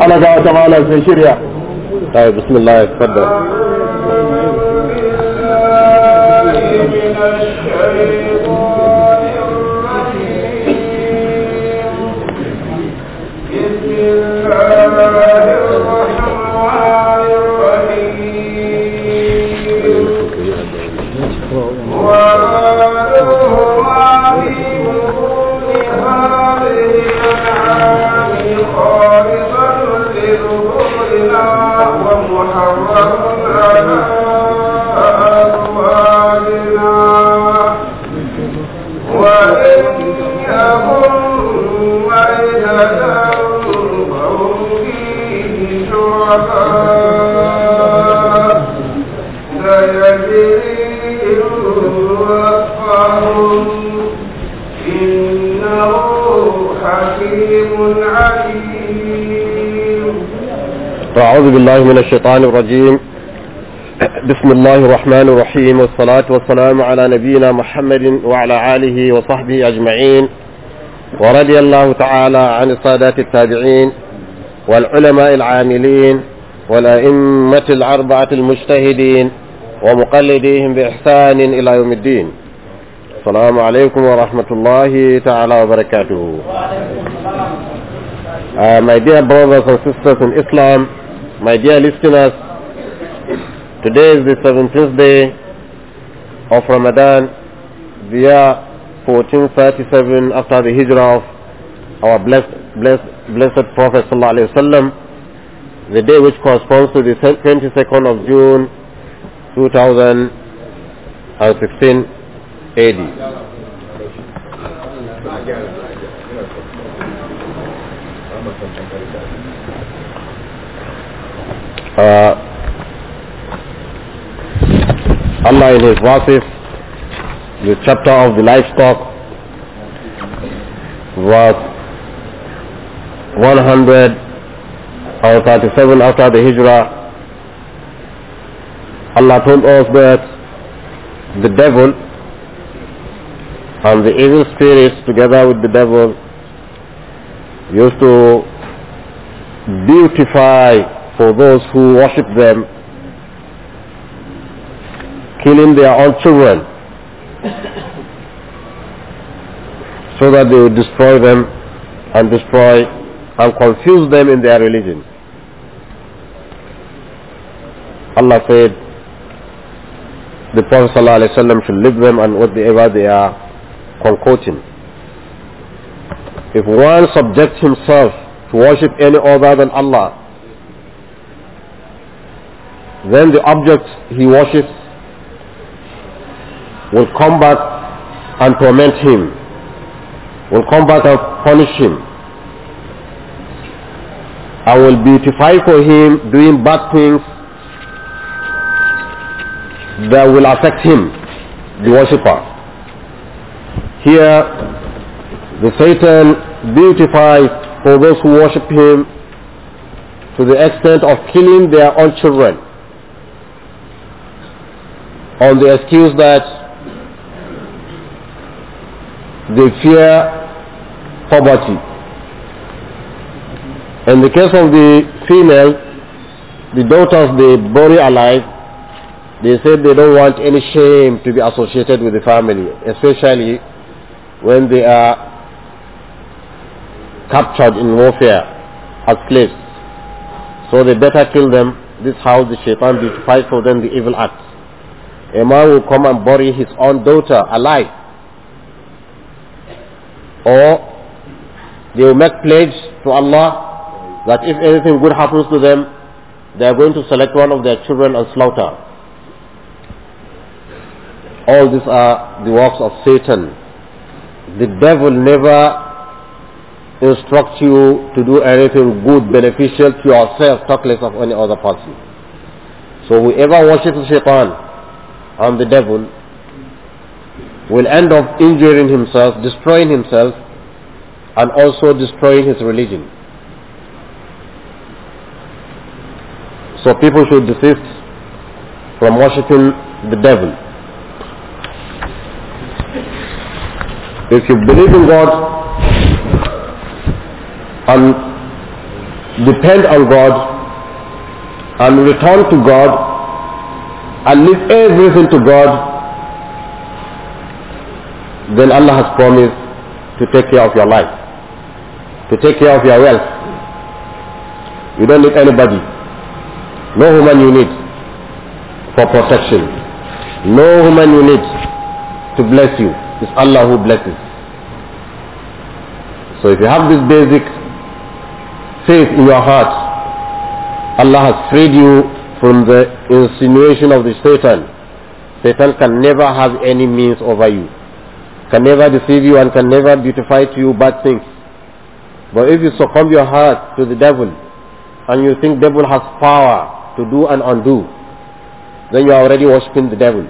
على نعم. قاعدة تعالى في شريعة طيب بسم الله تفضل أعوذ بالله من الشيطان الرجيم بسم الله الرحمن الرحيم والصلاة والسلام على نبينا محمد وعلى آله وصحبه أجمعين ورضي الله تعالى عن السادات التابعين والعلماء العاملين والأئمة الأربعة المجتهدين ومقلديهم بإحسان إلى يوم الدين السلام عليكم ورحمة الله تعالى وبركاته Uh, my dear brothers and sisters in Islam, My dear listeners, today is the 17th day of Ramadan, the year 1437 after the hijrah of our blessed, blessed, blessed Prophet Sallallahu Alaihi Wasallam, the day which corresponds to the 22nd of June 2016 AD. Uh, Allah in His verses, the chapter of the livestock, was 137 after the Hijrah, Allah told us that the devil and the evil spirits together with the devil used to beautify for those who worship them, killing their own children so that they would destroy them and destroy and confuse them in their religion. Allah said, the Prophet ﷺ should leave them and whatever they are concocting. If one subjects himself to worship any other than Allah, then the object he worships will come back and torment him, will come back and punish him. I will beautify for him doing bad things that will affect him, the worshipper. Here, the Satan beautifies for those who worship him to the extent of killing their own children on the excuse that they fear poverty. In the case of the female, the daughters they bury alive, they said they don't want any shame to be associated with the family, especially when they are captured in warfare as slaves. So they better kill them. This is how the shaitan did fight for them the evil act. A man will come and bury his own daughter alive. Or they will make pledge to Allah that if anything good happens to them, they are going to select one of their children and slaughter. All these are the works of Satan. The devil never instructs you to do anything good, beneficial to yourself, talk less of any other person. So whoever worships shaitan, on the devil will end up injuring himself, destroying himself, and also destroying his religion. So people should desist from worshipping the devil. If you believe in God and depend on God and return to God and leave everything to God, then Allah has promised to take care of your life, to take care of your wealth. You don't need anybody, no human you need for protection, no human you need to bless you. It's Allah who blesses. So if you have this basic faith in your heart, Allah has freed you from the insinuation of the Satan. Satan can never have any means over you, can never deceive you and can never beautify to you bad things. But if you succumb your heart to the devil and you think devil has power to do and undo, then you are already worshipping the devil.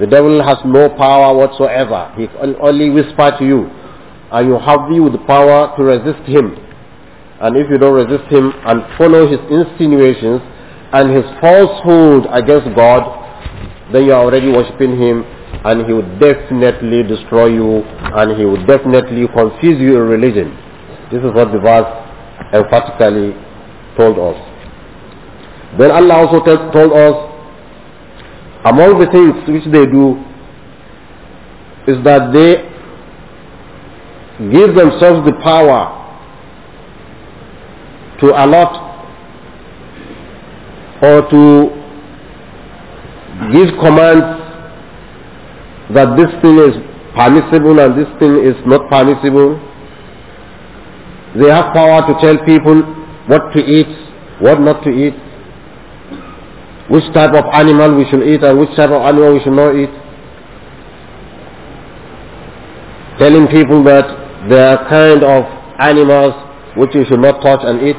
The devil has no power whatsoever. He can only whisper to you and you have you the power to resist him. And if you don't resist him and follow his insinuations, and his falsehood against God, then you are already worshipping him and he will definitely destroy you and he will definitely confuse your religion. This is what the verse emphatically told us. Then Allah also told us among the things which they do is that they give themselves the power to allot or to give commands that this thing is permissible and this thing is not permissible. They have power to tell people what to eat, what not to eat, which type of animal we should eat and which type of animal we should not eat. Telling people that there are kind of animals which you should not touch and eat.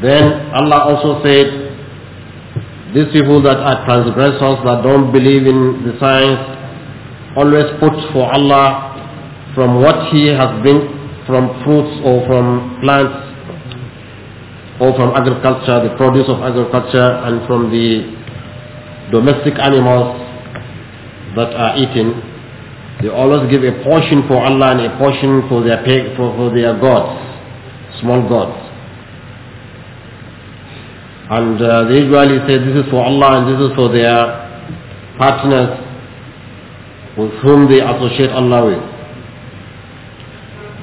Then Allah also said, these people that are transgressors, that don't believe in the signs, always put for Allah from what He has been from fruits or from plants or from agriculture, the produce of agriculture and from the domestic animals that are eaten. They always give a portion for Allah and a portion for their, for, for their gods, small gods. And uh, they usually say, this is for Allah and this is for their partners with whom they associate Allah with.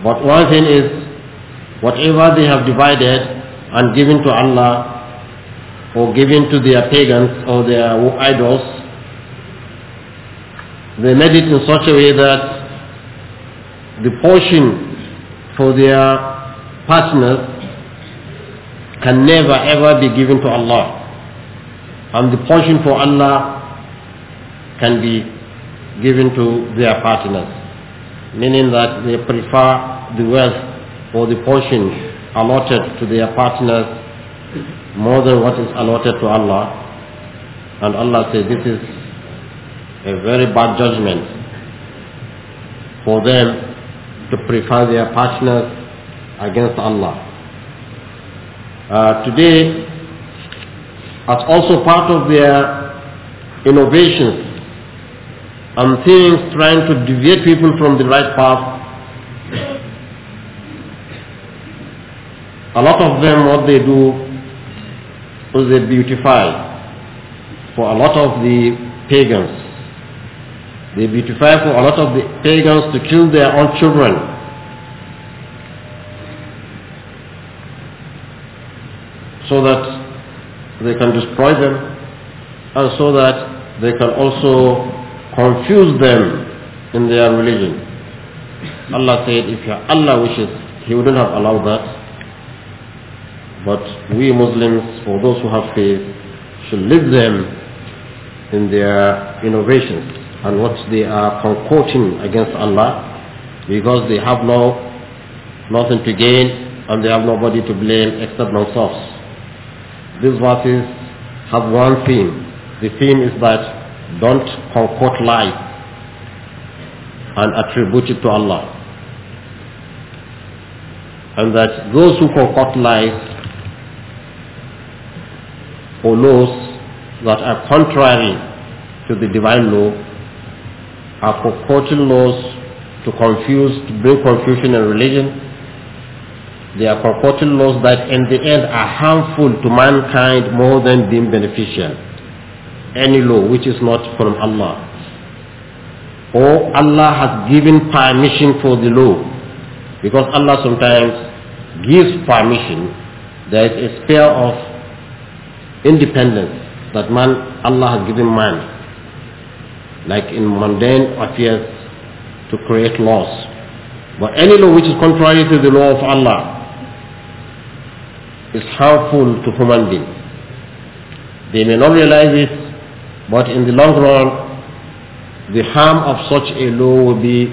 But one thing is, whatever they have divided and given to Allah, or given to their pagans or their idols, they made it in such a way that the portion for their partners can never ever be given to Allah. And the portion for Allah can be given to their partners, meaning that they prefer the wealth or the portion allotted to their partners more than what is allotted to Allah. And Allah says this is a very bad judgment for them to prefer their partners against Allah. Uh, today as also part of their innovations and things trying to deviate people from the right path. A lot of them, what they do is they beautify for a lot of the pagans. They beautify for a lot of the pagans to kill their own children so that they can destroy them and so that they can also confuse them in their religion. Allah said if Allah wishes, he wouldn't have allowed that. But we Muslims, for those who have faith, should lead them in their innovations and what they are concocting against Allah because they have no nothing to gain and they have nobody to blame except themselves. These verses have one theme. The theme is that don't concoct lies and attribute it to Allah. And that those who concoct lies or laws that are contrary to the divine law are concocting laws to confuse, to bring confusion in religion are purported laws that in the end are harmful to mankind more than being beneficial. Any law which is not from Allah. Or Allah has given permission for the law. Because Allah sometimes gives permission. There is a sphere of independence that man, Allah has given man. Like in mundane affairs to create laws. But any law which is contrary to the law of Allah, is harmful to human beings. They may not realize it, but in the long run, the harm of such a law will be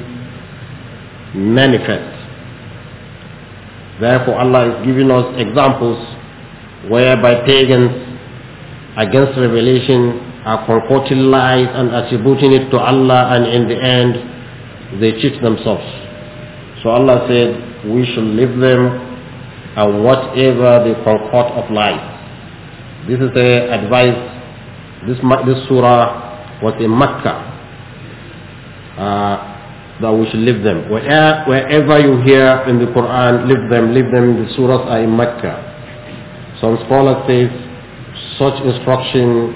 manifest. Therefore, Allah is giving us examples whereby pagans against revelation are concocting lies and attributing it to Allah and in the end they cheat themselves. So Allah said, we should leave them and whatever the purport of life. This is a advice. This, this surah was in Mecca. Uh, that we should leave them. Wherever wherever you hear in the Quran, leave them, leave them. The surahs are in Mecca. Some scholars say such instruction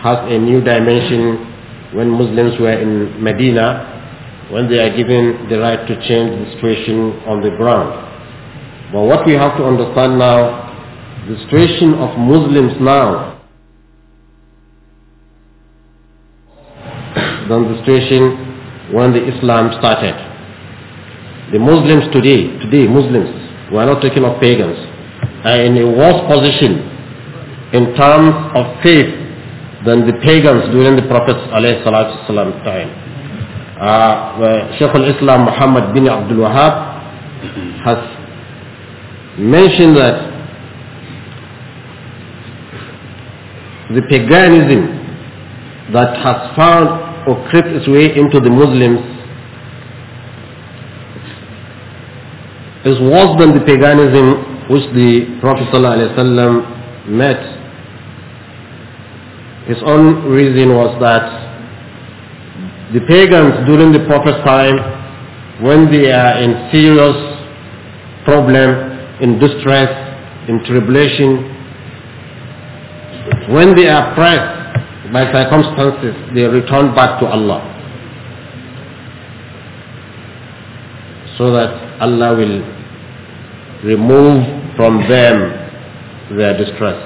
has a new dimension when Muslims were in Medina, when they are given the right to change the situation on the ground. But what we have to understand now, the situation of Muslims now than the situation when the Islam started. The Muslims today, today Muslims, we are not talking of pagans, are in a worse position in terms of faith than the pagans during the Prophet's والسلام, time. Uh, Sheikh al-Islam Muhammad bin Abdul Wahab has mentioned that the paganism that has found or crept its way into the Muslims is worse than the paganism which the Prophet ﷺ met. His own reason was that the pagans during the Prophet's time, when they are in serious problem, in distress, in tribulation. When they are pressed by circumstances, they return back to Allah. So that Allah will remove from them their distress.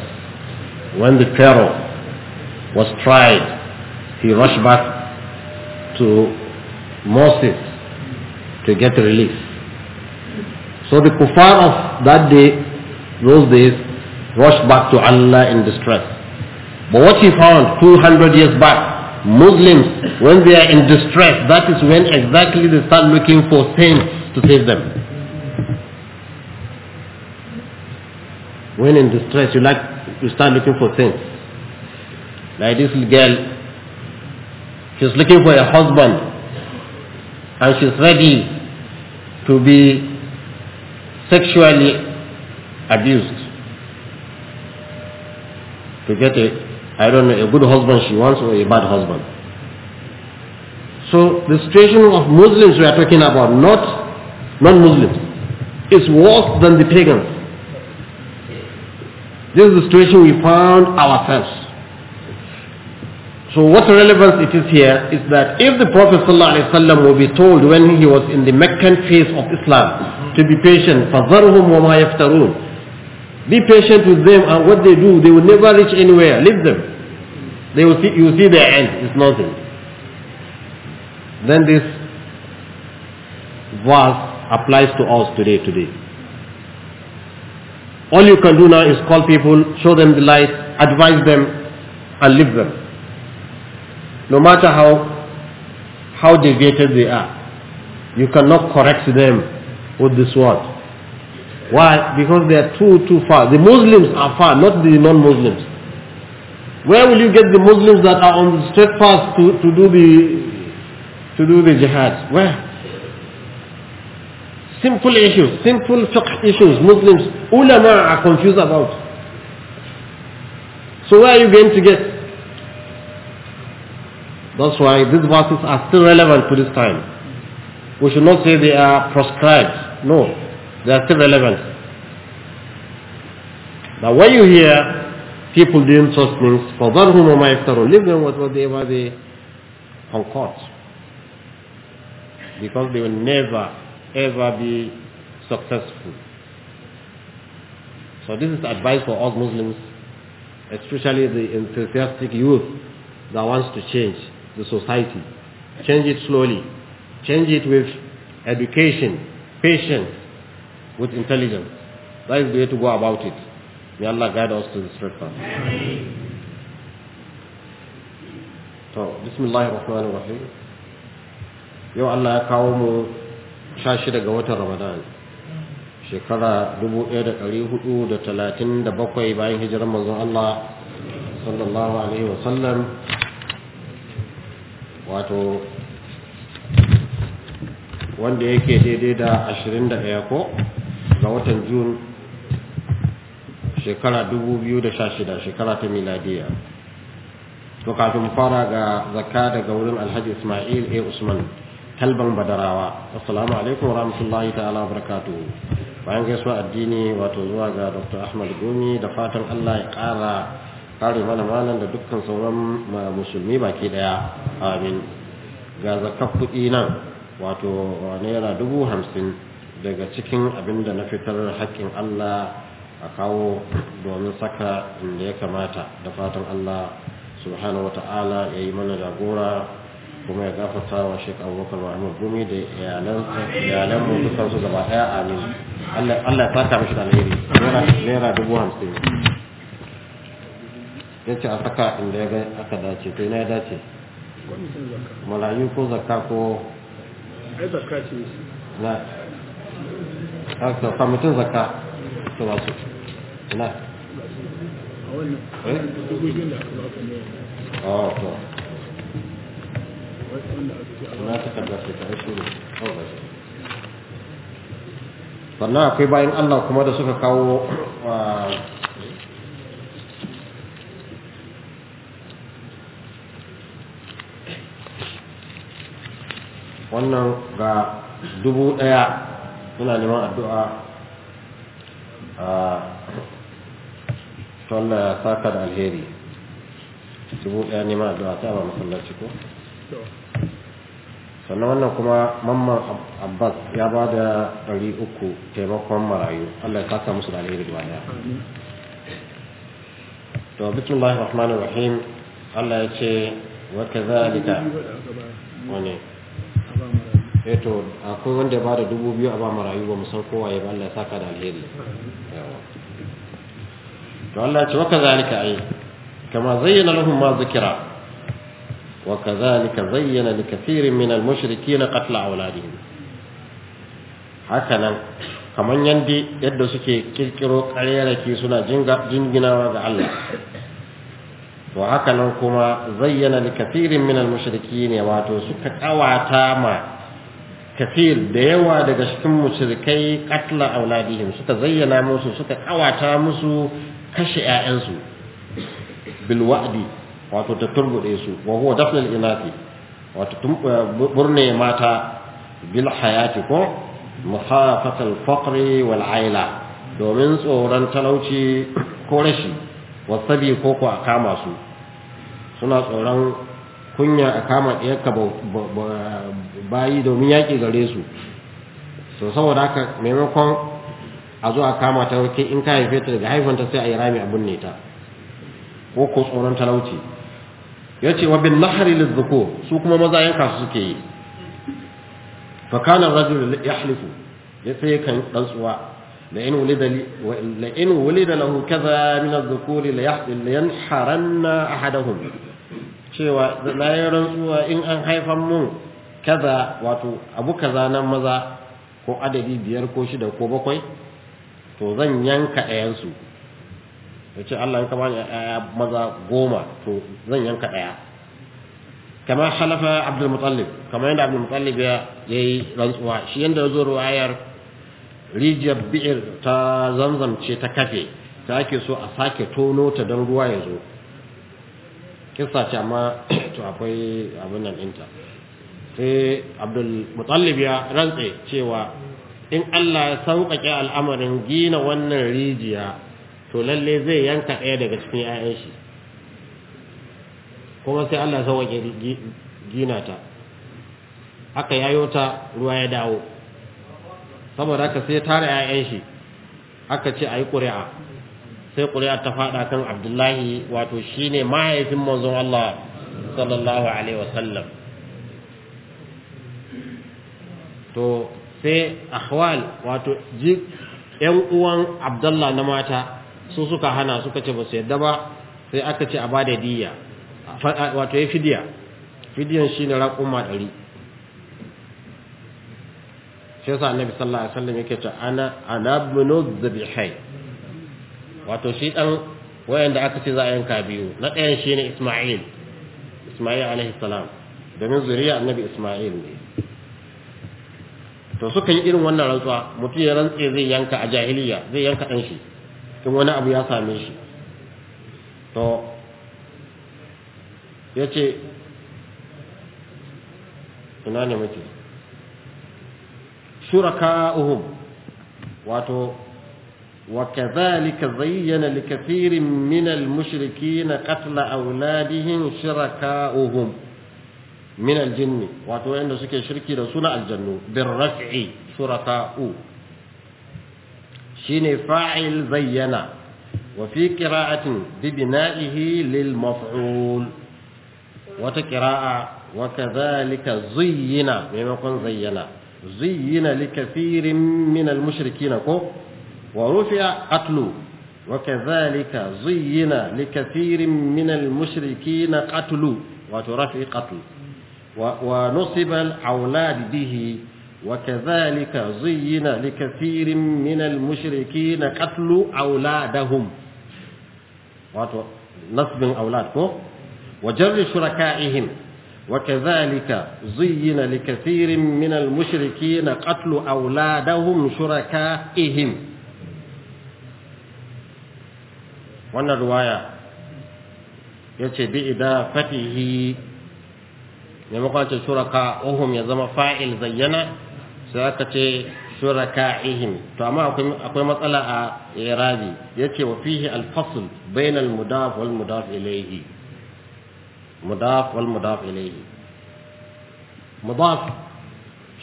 When the Pharaoh was tried, he rushed back to Moses to get relief. So the kuffar of that day, those days, rushed back to Allah in distress. But what he found 200 years back, Muslims, when they are in distress, that is when exactly they start looking for saints to save them. When in distress, you like you start looking for saints. Like this girl, she's looking for a husband, and she's ready to be sexually abused to get a, I don't know, a good husband she wants or a bad husband. So the situation of Muslims we are talking about, not non-Muslims, is worse than the pagans. This is the situation we found ourselves. So what relevance it is here is that if the Prophet ﷺ will be told when he was in the Meccan phase of Islam to be patient, فَذَرْهُمْ وَمَا يَفْتَرُونَ Be patient with them and what they do, they will never reach anywhere. Leave them. They will see, you will see their end. It's nothing. Then this verse applies to us today, today. All you can do now is call people, show them the light, advise them, and leave them no matter how how deviated they are, you cannot correct them with this word. Why? Because they are too too far. The Muslims are far, not the non-Muslims. Where will you get the Muslims that are on the straight path to, to do the to do the jihad? Where? Simple issues, simple fiqh issues, Muslims, ulama are confused about. So where are you going to get that's why these verses are still relevant to this time. We should not say they are proscribed. No, they are still relevant. Now when you hear people doing such things, for that whom am I after leave them with whatever they concord. Because they will never, ever be successful. So this is advice for us Muslims, especially the enthusiastic youth that wants to change. the society. Change it slowly. Change it with education, patience, with intelligence. That is the way to go about it. May Allah guide us to the straight path. So ar-Rahman ar rahim. Yau Allah ya kawo mu shi ga watan Ramadan. Shekara dubu ɗaya da da da talatin bakwai bayan hijirar manzon Allah sallallahu alaihi wa sallam wato wanda yake daidai da 21 ko ga watan jun shekara 2016 shekara ta miladiya to kafin fara ga zakka daga wurin alhaji ismail a usman talban badarawa assalamu alaikum wa rahmatullahi ta'ala barakatu bayan gaisuwa addini wato zuwa ga dr ahmad gomi da fatan allah ya kara kare mana malam da dukkan sauran musulmi baki daya amin ga zakar kuɗi nan wato naira dubu hamsin daga cikin abin da na fitar haƙƙin allah a kawo domin saka inda ya kamata da fatan allah subhanahu wata'ala ya yi mana jagora kuma ya gafarta wa shekaru abubakar amur gumi da iyalan mu dukansu gaba daya amin allah ya fata mashi da alheri naira dubu hamsin ya ce a saka inda ya gani aka dace to ina ya dace malayu ko zakka ko ai zakka ce na aka kwamitin zakka to ba su ina a wannan to ina ta kada su ta shi ne sannan akwai bayan allah kuma da suka kawo ah, wannan ga dubu ɗaya suna neman addu'a a tolla ya saka da alheri dubu ɗaya neman addu'a ta ba masallaci ko sannan wannan kuma mamman abbas ya ba da ɗari uku taimakon marayu allah ya saka musu da alheri da wani to bismillahir rahmanir rahim allah ya ce wa lita wani eto eh akwai wanda ya bada dubu biyu a ba marayu ba musan kowa ya ba Allah ya saka da alheri to Allah ce waka zalika ai kama zayyana lahum ma zikira wa kazalika zayyana li kathirin min al mushrikin qatla awladihim hakanan kaman yanda yadda suke kirkiro ƙaryarake suna jinginawa ga Allah to hakanan kuma zayyana li kathirin min al mushrikin wato suka kawata ma kafir da yawa daga cikin mushrikai katla auladihim suka zayyana musu suka kawata musu kashe 'ya'yansu bil wa'di wato ta turbude su wa huwa dafnul inafi wato burne mata bil hayati ko muhafatal faqri wal aila domin tsoron talauci ko rashi wasabi ko ko a kama su suna tsoron kunya a kama ɗiyarka bayi domin yaƙi gare su so saboda haka maimakon a zo a kama ta wake in ka haife ta daga haifanta sai a yi rami a binne ta ko ko tsoron talauci ya ce wa bin nahari lizzuko su kuma maza yanka su suke yi fakanar rajul ya halifu ya sai kan ɗansuwa لئن ولد da ولد له كذا من الذكور لينحرن أحدهم cewa na yi rantsuwa in an haifan mun kaza wato abu kaza nan maza ko adadi biyar ko shida ko bakwai to zan yanka ɗayansu ya ce Allah ka bani ɗaya maza goma to zan yanka ɗaya kama halafa abdul mutallib kama yadda abdul mutallib ya yi rantsuwa shi yadda zo ruwayar rijiyar bi'ir ta zamzam ce ta kafe ta ake so a sake tono ta don ruwa ya zo Kisa ce amma to akwai abin nan ɗinta sai abdul mutallib ya rantse cewa in Allah ya sauƙaƙe al'amarin gina wannan rijiya to lalle zai yanka ɗaya daga cikin ‘ya'yan shi kuma sai Allah sauƙaƙe gina ta aka yayo ta ruwa ya dawo saboda haka sai tara ‘ya'yan shi aka ce a yi ƙuri'a sai ƙuri'a ta faɗa kan abdullahi wato shine mahaifin manzon Allah sallallahu alaihi wasallam to sai ahwal wato jik yan uwan Abdullahi na mata su suka hana suka ce ba su yadda ba sai aka ce a bada diya wato ya fidiya fidiyan shi ne raƙuma ɗari shi yasa annabi sallallahu alaihi wasallam yake ce ana ana bunu zabihai wato shi dan da aka ce za a yanka biyu na ɗayan ne Isma'il Isma'il alaihi salam domin zuriya annabi Isma'il ne to suka yi irin wannan rantsuwa mutum ya rantse zai yanka a jahiliya zai yanka ɗan shi in wani abu ya same shi to ya ce ina ne muke shuraka uhum wato وكذلك زين لكثير من المشركين قتل أولادهم شركاؤهم من الجن عند سكي شركي رسول الجن بالرفع شركاء شين فاعل زين وفي قراءة ببنائه للمفعول وتقراءة وكذلك زين ممكن زين زين لكثير من المشركين كو ورفع قتله وكذلك زين لكثير من المشركين قتل وترفع قتل ونصب الأولاد به وكذلك زين لكثير من المشركين قتل أولادهم نصب أولادكم وجر شركائهم وكذلك زين لكثير من المشركين قتل أولادهم شركائهم wannan ruwaya ce bi idafatihi maimakon ce shuraka uhum ya zama fa'il zayyana sai aka ce shuraka ihim to amma akwai matsala a irabi ce wa fihi al-fasl bainal mudaf wal mudaf ilayhi mudaf wal mudaf ilayhi mudaf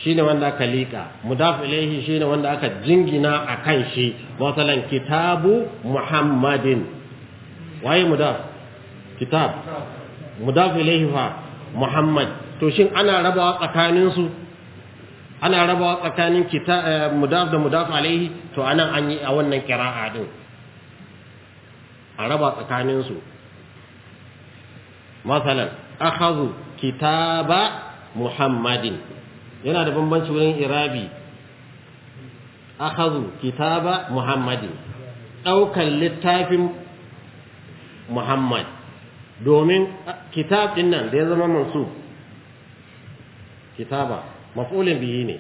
shine wanda aka liƙa mudaf shi ne wanda aka jingina a kan shi masalan kitabu muhammadin waye mudaf kitab mudaf ilayhi fa muhammad to shin ana rabawa tsakanin su ana rabawa tsakanin kitab eh, mudaf da mudaf alaihi to anan an yi a wannan qira'a din a raba tsakanin su masalan akhadhu kitaba muhammadin yana da bambanci wurin irabi akhadhu kitaba muhammadin daukan littafin Muhammad domin kitab din nan da ya zama mansub kitaba maf'ulin bihi ne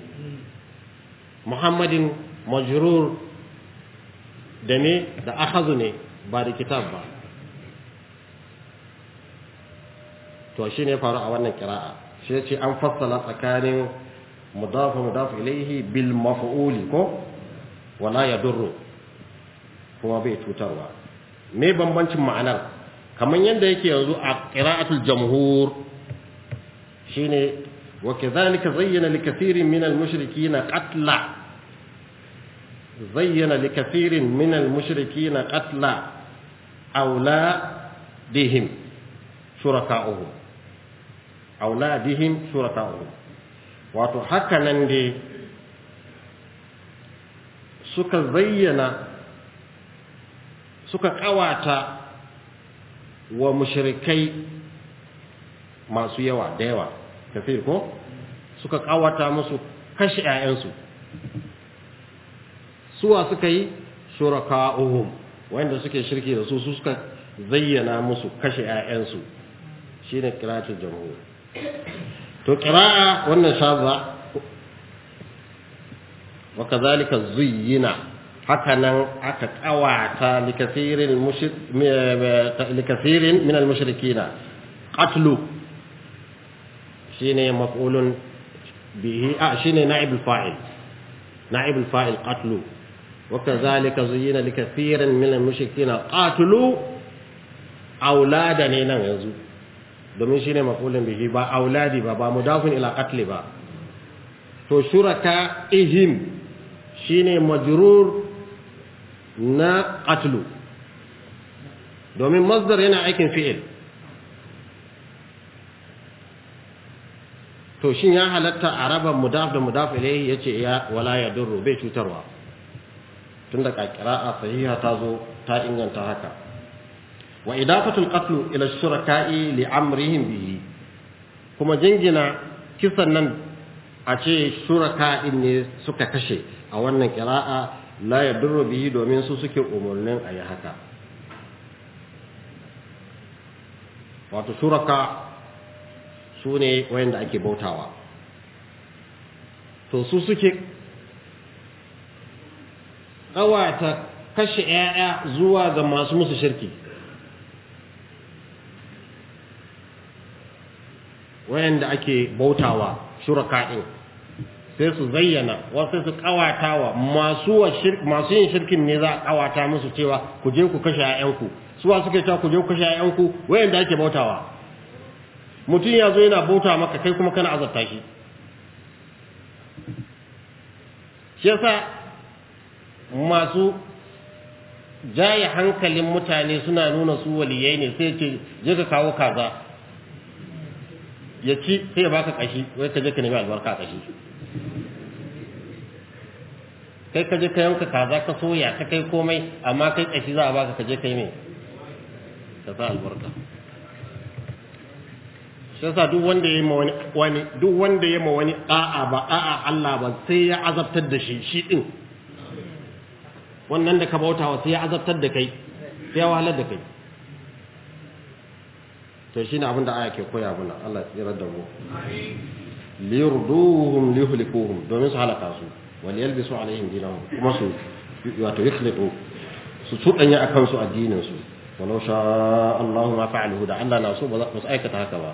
Muhammadin majrur da me da akhazu ne ba da kitab ba to shine faru a wannan kira'a shi yace an fassala tsakanin mudaf mudaf ilayhi bil maf'uli ko wala yadurru kuma bai cutarwa me bambancin ma'anar kamar yadda yake yanzu a qira'atul jamhur shine wa kadhalika zayyana likathirin minal mushrikina qatla zayyana likathirin minal mushrikina qatla awladihim shuraka'uhum awladihim wato haka nan dai suka zayyana suka kawata wa mushrikai masu yawa da yawa kafir ko suka kawata musu kashe ƴaƴansu suwa suka yi shuraka'uhum wanda suke shirki da su su suka zayyana musu kashe shi shine qira'atul jamhur to kira'a wannan shaza wa kazalika zuyyina hakanan aka kawata likasirin mushrik eh, likasirin min al-mushrikina qatlu shine maf'ulun bihi a ah, shine na'ib al-fa'il na'ib al-fa'il qatlu وكذلك زين لكثير من aulada ne nan yanzu domin shine mafulin bihi ba auladi ba ba mudafin ila qatli ba to shuraka ihim shine majrur na ƙatlu domin masdar yana aikin fi'il to shin ya halatta araba mudaf da mudaf ilayhi yace ya wala ya durru bai cutarwa tunda ka sahiha ta zo ta inganta haka wa idafatu al-qatl ila shuraka'i li amrihim bihi kuma jingina kisan nan a ce shuraka'in ne suka kashe a wannan ƙira'a. la yadurru bihi domin su suke umurnin ayi haka wato shuraka su ne wayanda ake bautawa to su suke ƙawata kashe 'ya'ya zuwa ga masu musu shirki wayanda ake bautawa shuraka'in sai su zayyana wasu su wa masu masu yin shirkin ne za a kawata musu cewa ku je ku kashe ƴaƴanku su wa suke cewa ku je ku kashe ƴaƴanku da ake bautawa mutum ya zo yana bauta maka kai kuma kana azabta shi shi yasa masu jaye hankalin mutane suna nuna su waliyai ne sai ce je ka kawo kaza ya ci sai ya baka kashi wai ka je ka nemi albarka kashi kai ka je ka yanka kaza ka soya ka kai komai amma kai kashi za a baka ka je kai me ka sa albarka shi yasa duk wanda ya ma wani wani duk wanda ya ma wani a'a ba a'a Allah ba sai ya azabtar da shi shi din wannan da ka bautawa sai ya azabtar da kai sai ya wahalar da kai to shine abin da aya ke koya mana Allah ya tsira da mu amin liyurduhum liyuhlikuhum domin su halaka su wani yalbisu alaihim dinahum kuma su wato yakhliqu su tudanya akan su addinin su walau sha Allahu ma fa'aluhu da Allah na so ba su aikata haka ba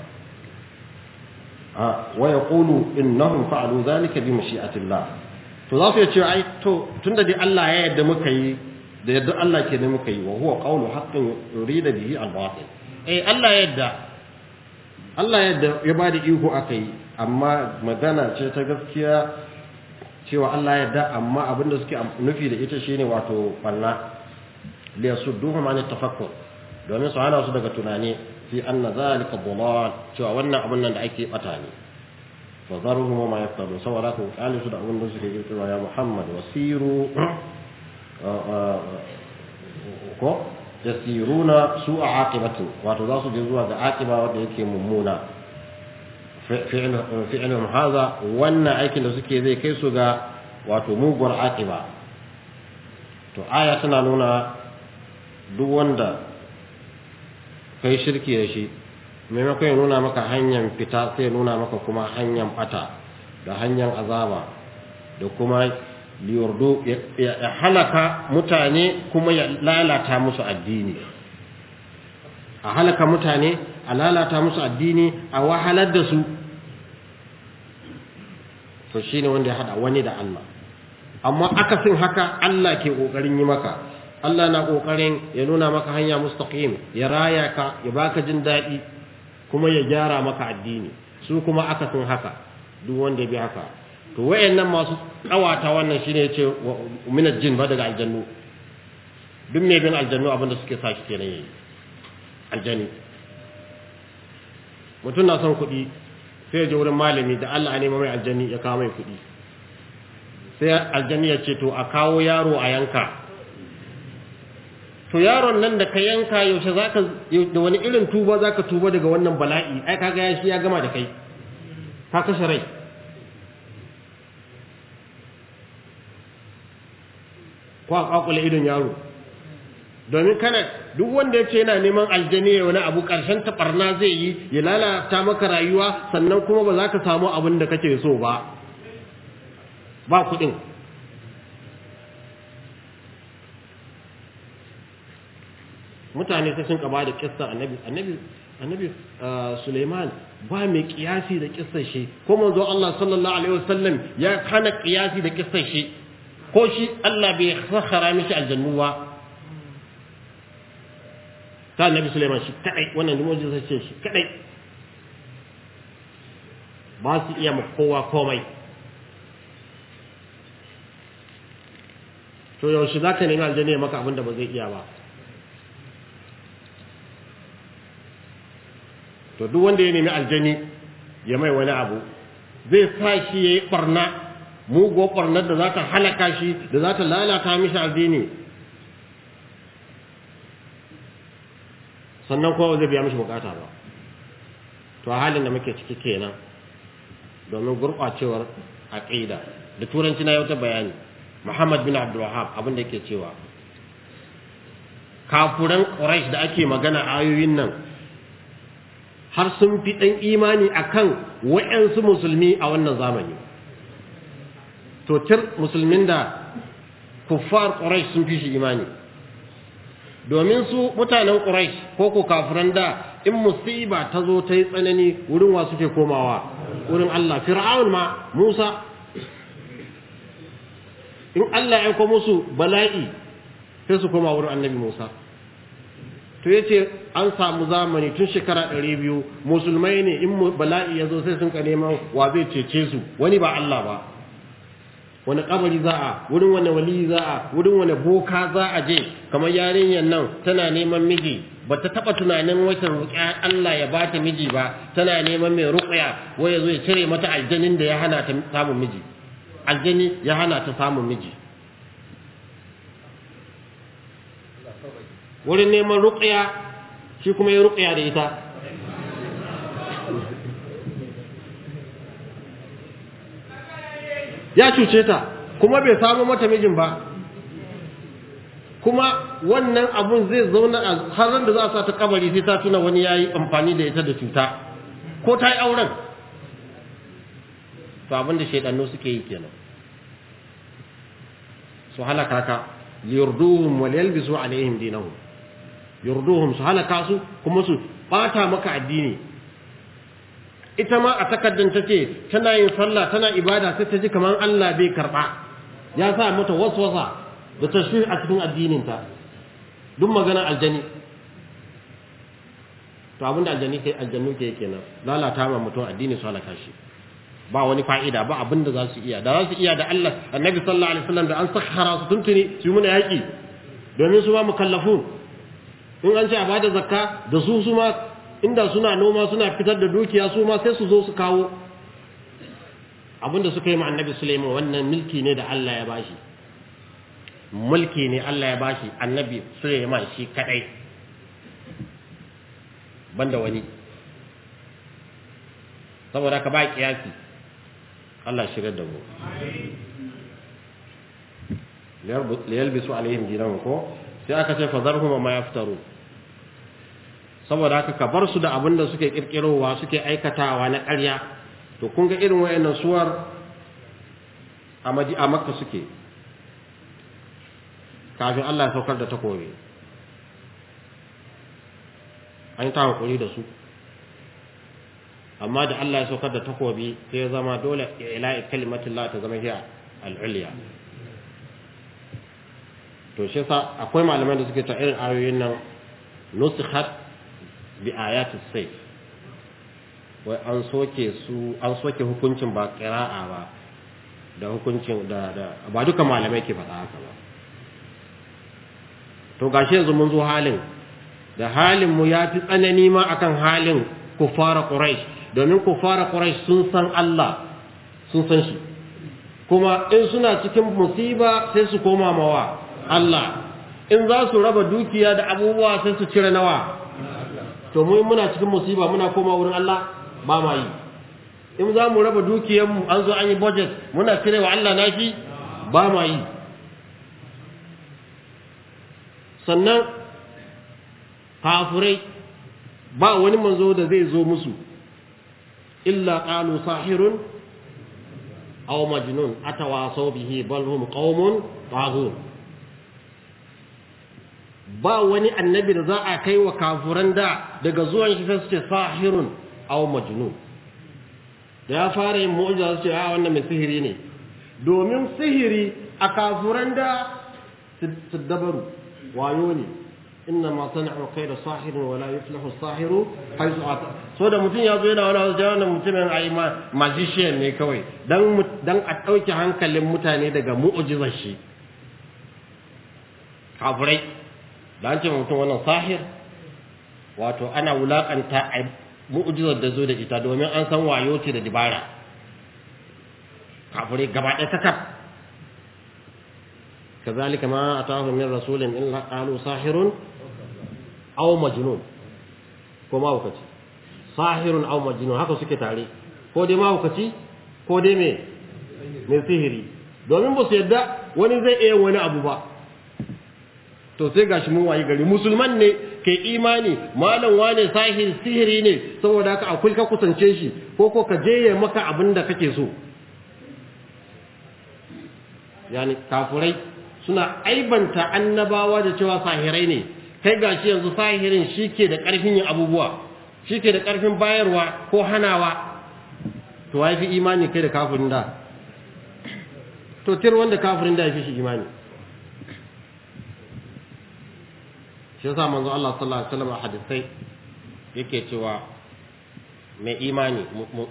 A wa yaqulu innahum fa'alu zalika bi mashi'atillah to za su ce ai to tunda dai Allah ya yarda muka yi da yadda Allah ke ne muka yi wa huwa qawlu haqqin yurida bihi al-batil eh Allah ya yarda Allah ya yarda ya bada iko akai amma magana ce ta gaskiya cewa Allah ya da amma abinda suke nufi da ita shine wato fanna li yasudduhum an tafakkur domin su hana su daga tunani fi anna zalika dhulal cewa wannan abin nan da ake bata ne fa zaruhum ma yaftaru saboda ku su da abin da suke kirkirwa ya Muhammad wasiru uh, uh, ko yasiruna su'a aqibatu wato za su je zuwa ga aqiba wanda yake mummuna fi'ilun haza wannan aikin da suke zai kai su ga wato muguwar aqiba to aya tana nuna duk wanda kai shirki da shi maimakon ya nuna maka hanyar fita sai nuna maka kuma hanyar bata da hanyar azaba da kuma liyurdu ya halaka mutane kuma ya lalata musu addini a halaka mutane a lalata musu addini a wahalar da su to shi ne wanda ya hada wani da Allah amma akasin haka Allah ke kokarin yi maka Allah na kokarin ya nuna maka hanya mustaqim ya raya ka ya baka jin daɗi kuma ya gyara maka addini su kuma akasin haka duk wanda bi haka to wayannan masu kawata wannan shine yace min jin ba daga aljannu duk mai bin aljannu abinda suke sa shi kenan yayi aljani mutum na son kuɗi sai ya je wurin malami da Allah a nema mai aljanni ya kawo mai kuɗi sai aljanni ya ce to a kawo yaro a yanka to yaron nan da ka yanka yaushe ka da wani irin tuba za ka tuba daga wannan bala'i ai kaga ya shi ya gama da kai ka kashe rai ko a kakule idon yaro domin kana duk wanda ya ce yana neman aljani ya wani abu ƙarshen taɓarna zai yi ya lalata maka rayuwa sannan kuma ba za ka samu abin da kake so ba ba kuɗin mutane ta sun kaba da a annabi annabi annabi ah, Suleiman ba mai ƙiyasi da kissar shi ko manzo Allah sallallahu alaihi wasallam ya kana ƙiyasi da kissar shi ko shi Allah bai sakhara mishi aljannu ba ta annabi Sulaiman shi kadai wannan mu'jiza ce shi kadai ba su iya ma kowa komai to yaushe za ka nemi aljanna ya maka abin da ba zai iya ba to duk wanda ya nemi aljani ya mai wani abu zai sa shi ya yi ɓarna mugo ɓarnar da za ta halaka shi da za ta lalata mishi addini sannan kowa zai biya mishi bukata ba to a halin da muke ciki kenan domin gurɓacewar aƙida da turanci na yau ta bayani muhammad bin abdulwahab abin da ke cewa kafuran quraish da ake magana ayoyin nan har sun fi ɗan imani a kan wa'yansu musulmi a wannan zamani to tir musulmin da kuffar quraish sun fi shi imani domin su mutanen ƙuraish ko ko kafiran da in musiba ta zo ta yi tsanani wurin wa suke komawa wurin Allah fir'aun ma Musa in Allah ya ko musu bala'i sai su koma wurin annabi Musa to yace an samu zamani tun shekara 200 musulmai ne in bala'i ya zo sai sun ka neman wa zai cece su wani ba Allah ba wani kabari za a wurin wani wali za a wurin wani boka za a je kamar yarinyar nan tana neman miji ba ta taba tunanin wata ruƙa Allah ya bata miji ba tana neman mai ruƙya waya zo ya cire mata aljanin da ya hana ta samun miji aljani ya hana ta samun miji wurin neman ruƙaya shi kuma ya ruƙaya da ita ya cuce ta kuma bai samu mata mijin ba kuma wannan abun zai zauna a harin da za a sa ta kabari sai ta tuna wani ya yi amfani da ita da cuta ko ta yi auren to abin da shaidannu suke yi kenan su halaka ka yurduhum wal yalbisu alaihim dinahum yurduhum su halaka su kuma su bata maka addini ita ma a takardun ta ce tana yin sallah tana ibada sai ta ji kaman Allah bai karɓa ya sa mata waswasa da tashwih a cikin addininta duk magana aljani to abinda aljani ke aljannu ke kenan lalata ma mutum addini su halaka shi ba wani fa'ida ba abinda za su iya da za su iya da Allah annabi sallallahu alaihi wasallam da an sakhara su tuntuni su yi muna yaki domin su ma mukallafu in an ce a bada zakka da su su ma inda suna noma suna fitar da dukiya su ma sai su zo su kawo abinda suka yi ma annabi Sulaiman wannan milki ne da Allah ya bashi mulki ne Allah ya bashi annabi Sulaiman shi kadai banda wani saboda ka ba kiyasi Allah shigar da mu liyalbisu alaihim dinahum ko sai aka ce fa fazarhum ma yaftaru saboda haka ka bar su da abin da suke kirkirowa suke aikatawa na ƙarya to kun ga irin wayannan suwar a makka suke kafin Allah ya saukar da takobi an ta hakuri da su amma da Allah ya saukar da takobi sai ya zama dole ila'i kalimatullah ta zama hiya al'ulya. to shi sa akwai malamai da suke ta irin ayoyin nan nusikhat bi ayatis sai wai an soke su an soke hukuncin ba qira'a ba da hukuncin da da ba duka malamai ke faɗa haka ba to gashi yanzu mun zo halin da halin mu ya fi tsanani ma akan halin kufara quraish domin kufara quraish sun san Allah sun san shi kuma in suna cikin musiba sai su koma mawa Allah in za su raba dukiya da abubuwa sai su cire nawa to mu muna cikin musiba muna koma wurin Allah ba ma yi in za mu raba dukiyarmu an zo an yi budget muna 'Wa Allah nashi ba ma yi sannan kafurai ba wani manzo da zai zo musu illa qalu sahirun aw majnun atawasaw bihi bal hum qaumun taghun ba wani annabi da za a kai wa kafuran da daga zuwan shi sai su ce sahirun aw majnun da ya fara yin mu'jiza su ce a ah, wannan mai sihiri ne domin sihiri a kafuran da su dabaru wayo ne inna ma sana'u kayda sahirin wala yuflihu sahiru haythu ata so da mutum ya zo yana wani wasu jawanan mutumin ai ma magician ne kawai dan dan a dauke hankalin mutane daga mu'jizar shi kafurai da an ce mutum wannan sahir wato ana wulakanta a mu'ujizar da zo da ita domin an san wayo ce da dibara kafure gaba ɗaya ta kaf kazalika ma atahu min rasulin illa qalu sahirun aw majnun ko ma sahirun aw majnun haka suke tare ko dai ma ko dai me mai sihiri domin ba su yadda wani zai iya wani abu ba to sai gashi mun waye gari musulman ne ke imani malam wane sahir sihiri ne saboda haka akwai ka kusance shi ko ko ka je maka abin da kake so yani kafurai suna aibanta annabawa da cewa sahirai ne kai gashi yanzu sahirin shike da karfin yin abubuwa shike da karfin bayarwa ko hanawa to fi imani kai da kafurin da to tir wanda kafurin da fi shi imani shi yasa manzo Allah sallallahu alaihi wasallam a hadisai yake cewa mai imani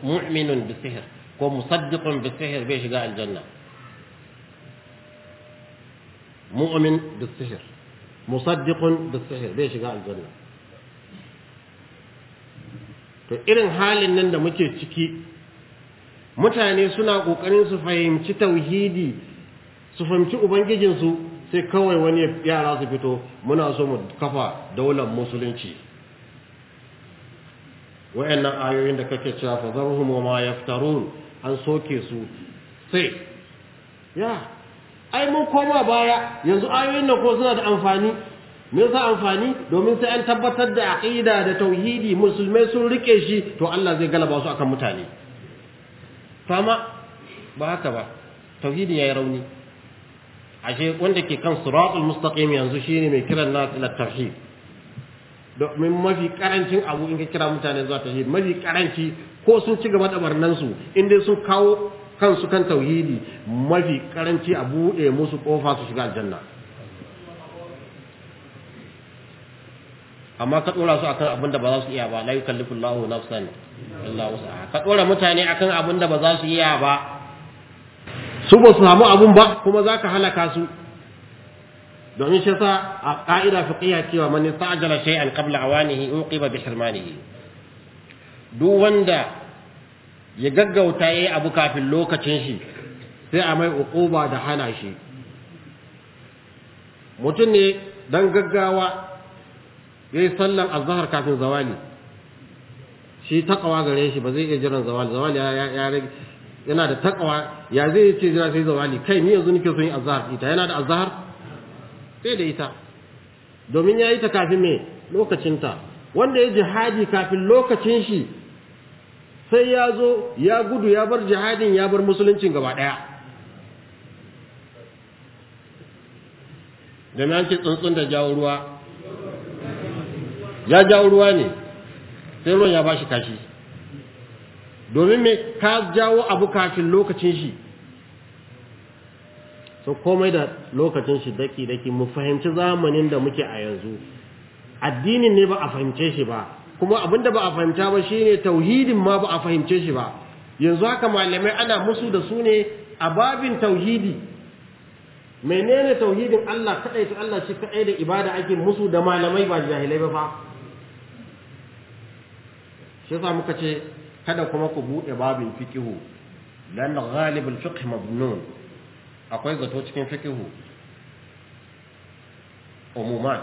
mu'minun bi sihr ko musaddiqun bi sihr bai shiga aljanna mu'min bi sihr musaddiqun bi sihr bai shiga aljanna to irin halin nan da muke ciki mutane suna kokarin su fahimci tauhidi su fahimci ubangijinsu sai kawai wani yara su fito muna so mu kafa daular musulunci wa'annan ayoyin da kake cewa fa zarhum wa ma yaftarun an soke su sai ya ai mun koma baya yanzu ayoyin nan ko suna da amfani me yasa amfani domin sai an tabbatar da aqida da tauhidi musulmai sun rike shi to Allah zai galaba su akan mutane fama ba haka ba tauhidi yayi rauni ashe wanda ke kan siratul mustaqim yanzu shine mai kiran na ila tauhid domin mafi karancin abu in ka kira mutane zuwa tauhid mafi karanci ko sun ci gaba da barnan su in dai sun kawo kansu kan tauhidi mafi karanci a buɗe musu kofa su shiga aljanna amma ka dora su akan abin da ba za su iya ba la yukallifu nafsan illa wus'aha ka dora mutane akan abin da ba za su iya ba su ba su samu abun ba kuma za ka halaka su domin shi sa a ƙa'ida fiqiyya cewa man yasta'jala shay'an qabla awanihi ƙiba bi hirmanihi duk wanda ya gaggauta yayi abu kafin lokacin shi sai a mai uquba da hana shi mutum ne dan gaggawa yi sallan azhar kafin zawali shi takawa gare shi ba zai iya jiran zawali zawali ya yana da takawa ya zai ce jira sai zawali kai ni yanzu nake son yin azhar ita yana da azhar sai da ita domin yayi ta kafin me lokacin ta wanda ya jihadi kafin lokacin shi sai ya zo ya gudu ya bar jihadin ya bar musuluncin gaba daya da nan ke tsuntsun da jawo ruwa ya jawo ruwa ne sai ruwan ya bashi kashi domin mai ka jawo abu kafin lokacin shi so komai da lokacin shi daki daki mu fahimci zamanin da muke a yanzu addinin ne ba a fahimce shi ba kuma abinda ba a fahimta ba shine tauhidin ma ba a fahimce shi ba yanzu haka malamai ana musu da su ne a babin tauhidi menene tauhidin Allah kadai ta Allah shi kadai da ibada ake musu da malamai ba jahilai ba fa shi yasa muka ce kada kuma ku buɗe babin fikihu lan ghalibul fiqh mabnun akwai zato cikin fikihu umumat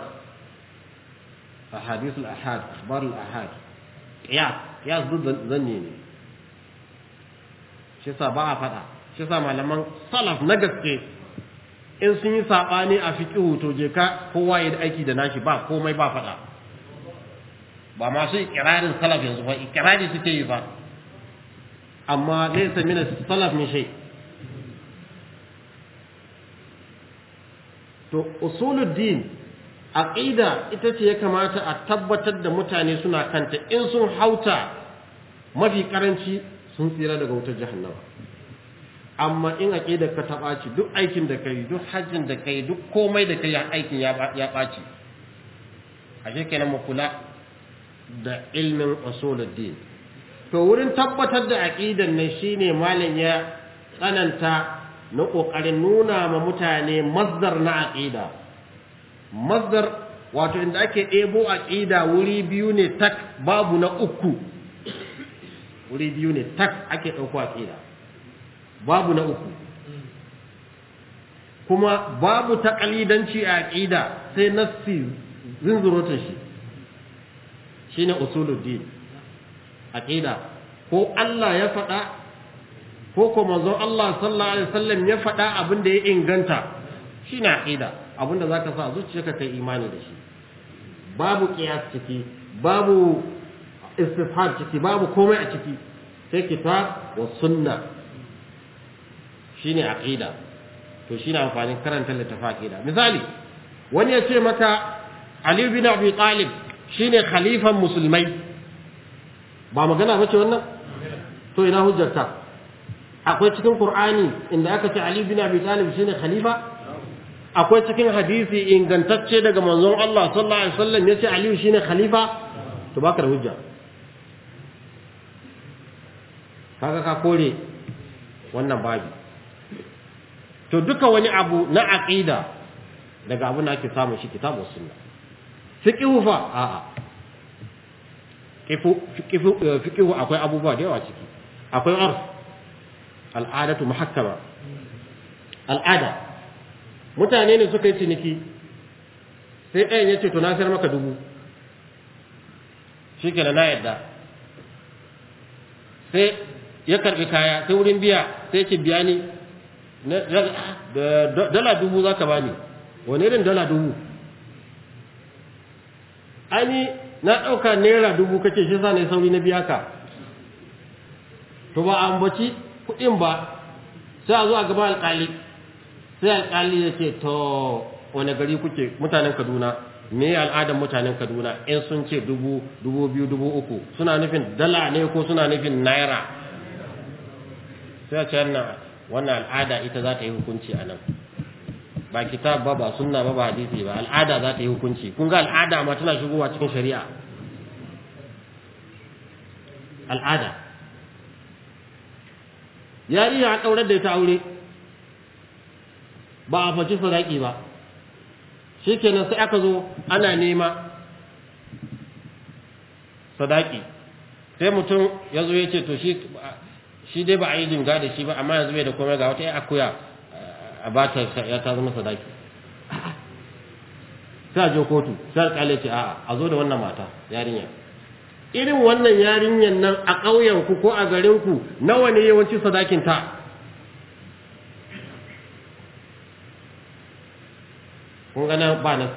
ahadith al-ahad akhbar al-ahad qiyas qiyas duk zanni ne shi sa ba a fada shi sa malaman salaf na gaske in sun yi sabani a fikihu to je ka kowa ya aiki da nashi ba komai ba fada ba masu ikirarin salaf yanzu ba ikirari suke yi ba amma laysa min salaf min shay to usuluddin aqida ita ce ya kamata a tabbatar da mutane suna kanta in sun hauta mafi karanci sun tsira daga wutar jahannama amma in aqida ka ta baci duk aikin da kai duk hajjin da kai duk komai da kai aikin ya ɓaci ashe kenan mu kula da ilmin usuluddin to wurin tabbatar da aqidan nan shine malam ya tsananta na kokarin nuna ma mutane masdar na aqida masdar wato inda ake ɗebo aqida wuri biyu ne tak babu na uku wuri biyu ne tak ake ɗauko aqida babu na uku kuma babu taƙalidanci a aqida sai nassi ta shi shine usuluddin aqida ko Allah ya faɗa ko ko zo Allah sallallahu alaihi wasallam ya faɗa abin da ya inganta shine aqida abin da zaka sa zuciyarka kai imani da shi babu qiyas ciki babu istifhad ciki babu komai a ciki sai kitab wa sunna shine aqida to shine amfanin karanta littafin aqida misali wani ya ce maka Ali bin Abi Talib Shi ne khalifan musulmai ba magana ce wannan to ina hujjarta akwai cikin Kur'ani inda aka ce ali bin abi talib shine khalifa akwai cikin hadisi ingantacce daga manzon Allah sallallahu alaihi wasallam yace ali shine khalifa to baka da hujja kaga ka kore wannan babi to duka wani abu na aqida daga abin da ake samun shi kitabu sunna fiqihu fa a'a kifu eh, fiqihu akwai abubuwa da yawa ciki akwai ar al'adatu muhakkama al'ada mutane ne suka yi ciniki sai ɗayan ya ce to na sayar maka dubu shi ke na yadda sai ya karɓi kaya sai wurin biya sai ce biya ni dala dubu za ka bani wani irin dala dubu ani na ɗauka naira dubu kace shi sa ne sauri na biya ka to ba an baci kuɗin ba sai a zo a gaban alƙali sai alƙali ya ce to wani gari kuke mutanen kaduna me al'adar mutanen kaduna in sun ce dubu dubu biyu dubu uku suna nufin dala ne ko suna nufin naira sai a ce wannan al'ada ita za ta yi hukunci a nan ba kitab ba ba sunna ba ba hadisi ba al'ada za ta yi hukunci kun ga al'ada ma tana shigowa cikin shari'a al'ada ya iya a kaurar da ita aure ba a faci sadaki ba shikenan sai aka zo ana nema sadaki sai mutum ya zo ya ce to shi dai ba a yi jinga da shi ba amma yanzu bai da komai ga wata ya akuya a ya ta zama sadaki sai je kotu sai alƙali ce a'a a zo da wannan mata yarinya irin wannan yarinyan nan a ƙauyen ku ko a garin ku nawa ne yawanci sadakin ta kun gana ba na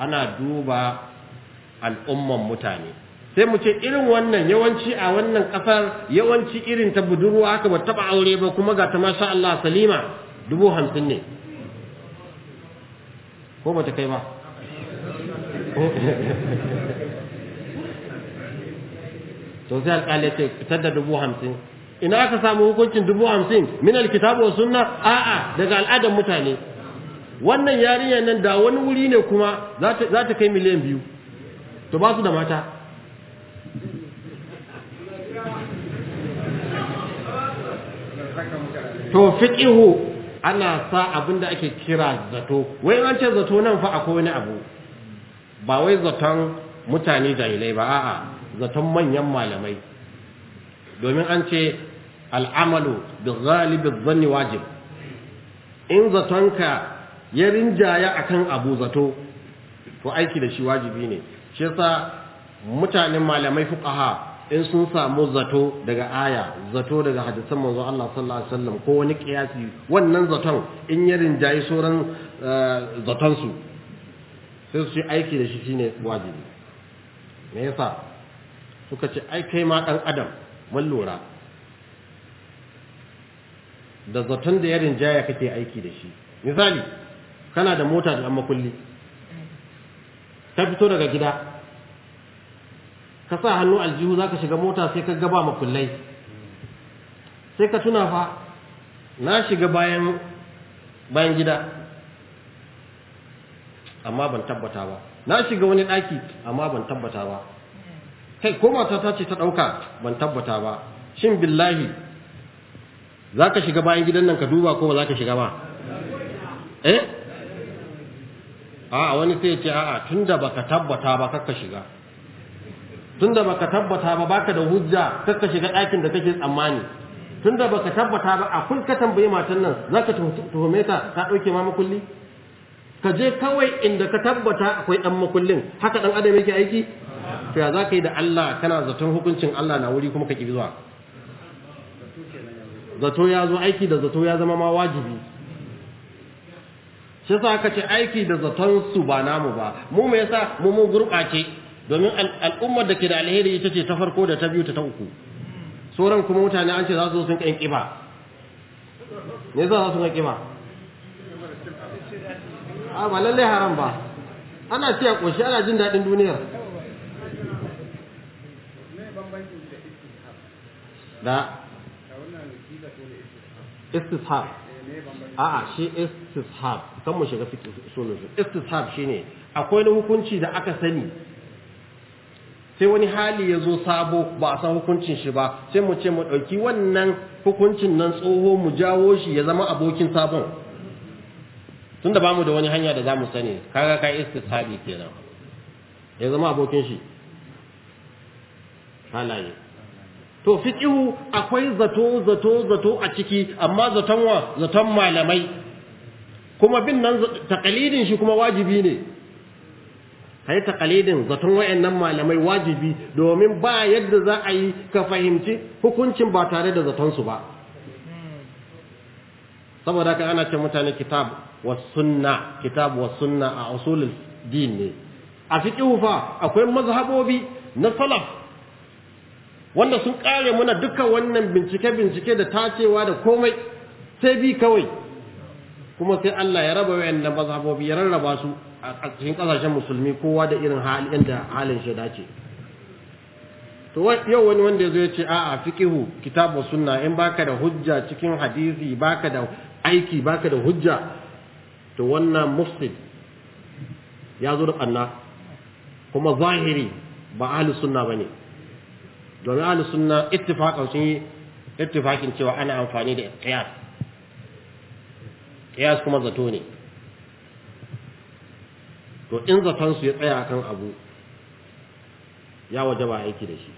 ana duba al'umman mutane sai mu ce irin wannan yawanci a wannan kasar yawanci irin ta budurwa haka ba taba aure ba kuma ga ta masha Allah salima dubu hamsin ne ko ba ta kai ba to sai alƙali ce fitar da dubu hamsin ina aka samu hukuncin dubu hamsin min alkitabu wa sunna a'a daga al'adar mutane wannan yarinyar nan da wani wuri ne kuma za ta kai miliyan biyu to ba su da mata to fiqihu ana sa abin da ake kira zato wai an ce zato nan fa akwai wani abu ba wai zaton mutane jahilai ba a'a zaton manyan malamai domin an ce al'amalu bi ghalibi dhanni wajib in zatonka ya rinjaya akan abu zato to aiki da shi wajibi ne shi yasa mutanen malamai fuqaha in sun samu zato daga aya zato daga hadisan manzo Allah sallallahu alaihi wasallam ko wani kiyasi wannan zaton in ya rinjayi sauran eh, zaton su sai su aiki da shi shine wajibi me yasa suka ce ai kai ma dan adam mun lura da zaton da ya rinjaya kake aiki da shi misali kana da mota da makulli ta fito daga gida ka sa hannu aljihu za ka shiga mota sai ka gaba makullai sai ka tuna fa na shiga bayan bayan gida amma ban tabbata ba na shiga wani daki amma ban tabbata ba kai ko mata ta ce ta ɗauka ban tabbata ba shin billahi za ka shiga bayan gidan nan ka duba ko ba za ka shiga ba eh a wani sai ce a'a tunda baka tabbata ba kakka shiga tunda baka tabbata ba baka da hujja kakka shiga ɗakin da kake tsammani tunda baka tabbata ba a kun ka tambayi matan nan zaka tuhume ta ka ɗauke ma makulli ka je kawai inda ka tabbata akwai dan makullin haka dan adam yake aiki to ya zaka yi da Allah kana zaton hukuncin Allah na wuri kuma ka ki zuwa zato ya zo aiki da zato ya zama ma wajibi shi yasa aka ce aiki da zaton su ba namu ba mu me yasa mu mu gurbace domin al'ummar da ke da alheri ita ce ta farko da ta biyu ta ta uku sauran kuma mutane an ce za su sun kan kiba ne za su sun kan kiba a ah, ba lallai haram ba ana ce a ƙoshi ana jin daɗin duniyar da istishab a'a shi istishab kan mu shiga fiƙi sunan istishab shine akwai na hukunci da aka sani sai wani hali ya zo sabo ba a san hukuncin shi ba sai mu ce mu ɗauki wannan hukuncin nan tsoho mu jawo shi ya zama abokin sabon tunda ba mu da wani hanya da za mu sani kaga kai istishabi kenan ya zama abokin shi halaye to fiqihu akwai zato zato zato a ciki amma zaton wa zaton malamai kuma bin nan taqalidin shi kuma wajibi ne a yi takalidin zaton wayannan malamai wajibi domin ba yadda za a yi ka fahimci hukuncin ba tare da zaton su ba saboda ka ana ce mutane kitab wa sunna kitab wa sunna a usulul din ne a fiqhu fa akwai mazhabobi na salaf wanda sun kare muna dukkan wannan bincike bincike da tacewa da komai sai bi kawai kuma sai Allah ya raba wayannan mazhabobi ya rarraba su a cikin kasashen musulmi kowa da irin halin da halin shi dace to yau wani wanda yazo ce, a fiqhu kitabu sunna in baka da hujja cikin hadisi baka da aiki baka da hujja to wannan mufsid ya zo da kuma zahiri ba ahli sunna bane domin ahli sunna ittifaqan sun yi cewa ana amfani da qiyas qiyas kuma zato ne to in zaton su ya tsaya kan abu ya waje ba aiki da shi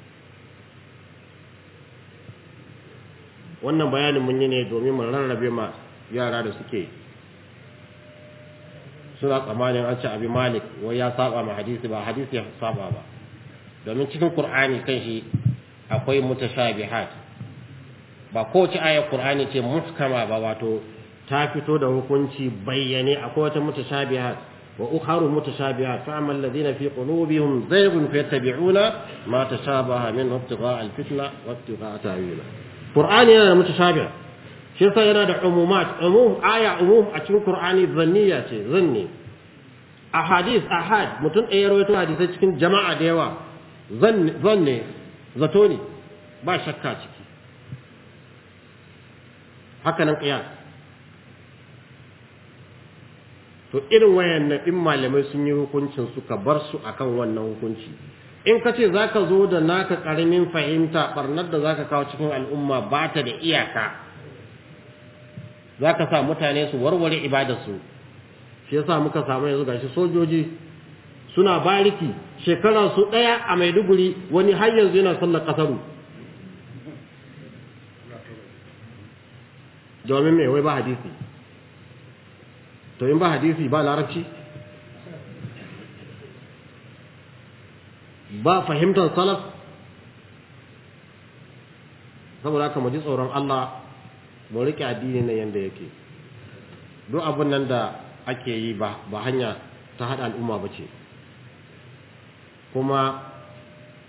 wannan bayanin mun yi ne domin mun rarrabe ma yara da suke suna tsamanin an ce abi malik wai ya saba ma hadisi ba hadisi ya saba ba domin cikin qur'ani kan shi akwai mutashabihat ba kowace ayar Kur'ani ce muskama ba wato ta fito da hukunci bayyane akwai wata mutashabihat وأخر متشابهات فأما الذين في قلوبهم ضيغ فيتبعون ما تشابه منه ابتغاء الفتنة وابتغاء تأويلة القرآن هنا متشابه شرطة هنا عمومات عموم آية عموم أتشم قرآن ظنية ظني أحاديث أحد متن أي رواية حديثة جماعة ديوا ظني ظني ذاتوني باشكاتك هكذا القياس to irin wayannan in malamai sun yi hukuncin suka bar su akan wannan hukunci in ka ce za ka zo da naka ƙaramin fahimta barnar da za ka kawo cikin al'umma ba ta da iyaka za ka sa mutane su warware ibadarsu shi yasa muka samu yanzu gashi sojoji suna bariki shekara su ɗaya a maiduguri wani har yanzu yana sallar ƙasaru domin mai wai ba hadisi to in ba hadisi ba larabci ba fahimtar salaf saboda ka muji tsoron Allah mu riƙe addini na yanda yake duk abin nan da ake yi ba hanya ta haɗa al'umma ba ce kuma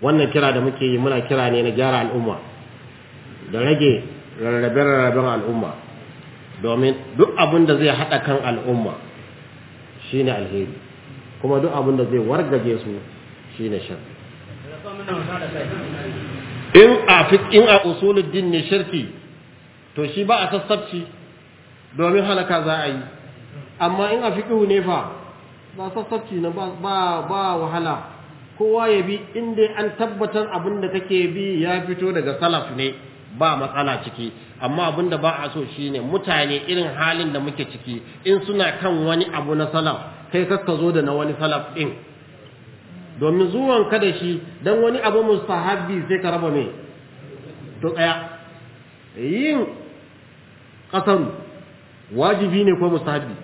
wannan kira da muke yi muna kira ne na gyara al'umma da rage rarrabe-rarraben al'umma domin duk abin da zai haɗa kan al'umma shi ne alheri kuma duk abin da zai wargaje su shi ne shar in a usuluddin ne shirki to shi ba a sassabci domin halaka za a yi amma in a fiƙihu ne fa ba sassabci na ba wahala kowa ya bi inda an tabbatar abin da kake bi ya fito daga salaf ne ba matsala ciki amma abin da ba a so shine mutane irin halin da muke ciki in suna kan wani abu na salaf kai kakka zo da na wani salaf din domin zuwan ka da shi dan wani abu mustahabbi sai ka raba mai to ɗaya. yin kasaru wajibi ne ko mustahabbi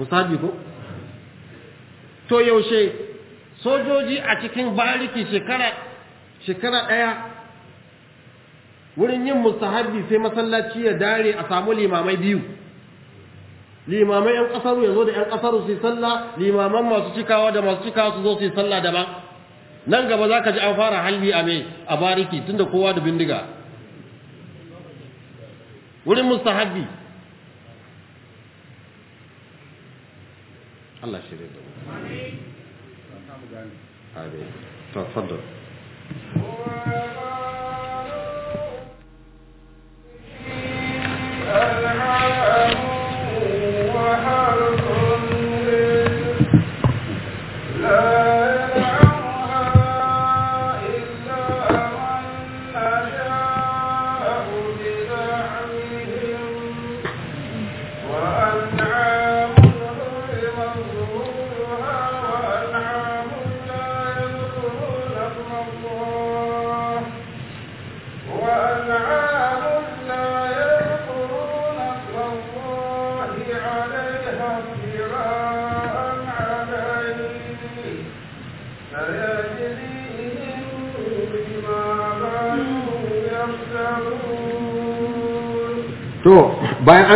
mustahabbi ko to yaushe sojoji a cikin bariki shekara ɗaya? wurin yin mustahabbi sai masallaci ya dare a samu limamai biyu limamai yan kasaru ya zo da yan kasaru su yi sallah limaman masu cikawa da masu cikawa su zo su yi sallah ba nan gaba za ka ji an fara halbi a mai a bariki tun da kowa da bindiga wurin mustahabbi Allah da mu. Amin. Amin. Tafadar.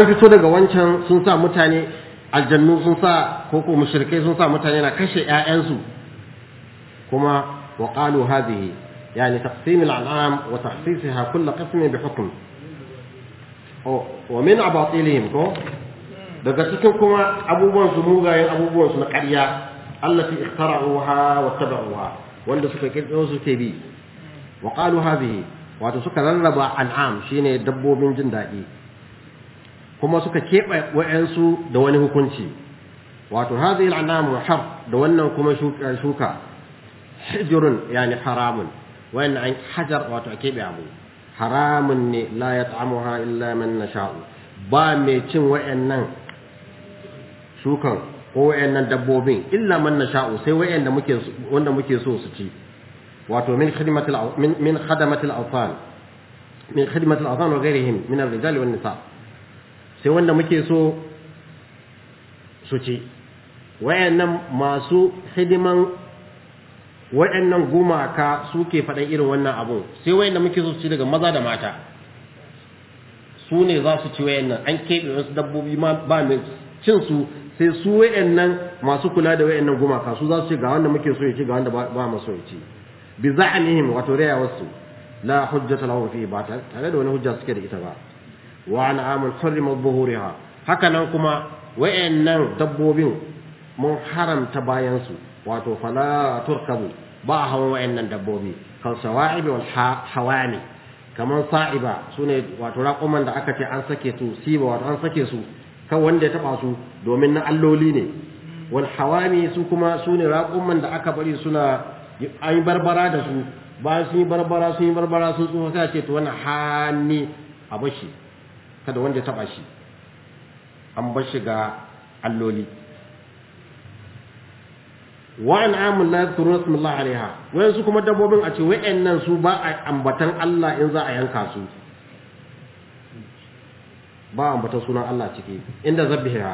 fito daga wancan sun sa mutane aljannu sun sa ko ko mushrikai sun sa mutane na kashe ƴaƴansu kuma wa qalu hadhihi yani taqsim al-an'am wa tahsisaha kull qism bi hukm wa min abatilihim ko daga cikin kuma abubuwan su mugayen abubuwan su na ƙarya allati ikhtara'uha wa tabaruha wanda suka kirkiro su ke bi wa qalu hadhihi wato suka rarraba al'am shine dabbobin jin daɗi kuma suka keɓe wa'yansu da wani hukunci wato hadhihi al'anamu har da wannan kuma shuka hijirun ya yani haramun wannan an hajar wato a keɓe abu haramun ne la ya yat'amuha illa man sha'u, ba mai cin wa'annan shukan ko wa'annan dabbobin illa man sha'u sai wa'anda wanda muke so su ci wato min khidmatil min khadamatil awtan min khidmatil awtan wa ghayrihim min ar-rijal wan nisa' sai wanda muke so su ci wayannan masu hidiman wayannan gumaka suke faɗan irin wannan abu sai wayanda muke so su ci daga maza da mata su ne za su ci wayannan an keɓe wasu dabbobi ba mai cin su sai su wayannan masu kula da wayannan gumaka su za su ci ga wanda muke so ya ci ga wanda ba mu so ya ci bi za'anihim wato rayawarsu wasu la hujjata lahum fi ba tare da wani hujja suke da ita ba wa an'amun sarrimat zuhuriha hakanan kuma wayannan dabbobin mun haramta bayan su wato fala turkabu ba hawan wayannan dabbobi kan sawa'ib wal hawani kamar sa'iba sune wato raƙuman da aka ce an sake su siba wato an sake su kan wanda ya taba su domin na alloli ne wal hawami su kuma sune raƙuman da aka bari suna an barbara da su ba sun yi barbara sun yi barbara sun tsufa sai ce to wannan hani a bashi kada wanda ya taba shi an bar shi ga alloli wa'an amun la yadhkuruna ismallah alaiha wayan su kuma dabbobin a ce wayannan su ba a ambatan Allah in za a yanka su ba ambatan sunan Allah ciki inda zabbiha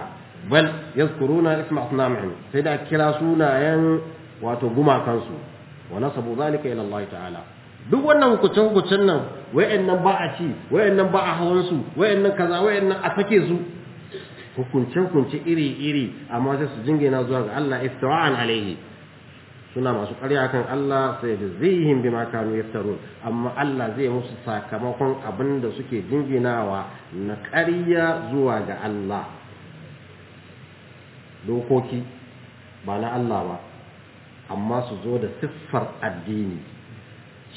bal yadhkuruna isma asnamihim sai da kira sunayen wato gumakan su wa nasabu zalika ila Allah ta'ala duk wannan hukucin hukucin nan wayannan ba a ci wayannan ba a hawan su wayannan kaza wayannan a sake su hukunce hukunce iri iri amma sai su jingina zuwa ga Allah iftira'an alaihi suna masu ƙarya kan Allah sai da zihin bima kanu yaftarun amma Allah zai musu sakamakon abin da suke jinginawa na ƙarya zuwa ga Allah dokoki ba na Allah ba amma su zo da siffar addini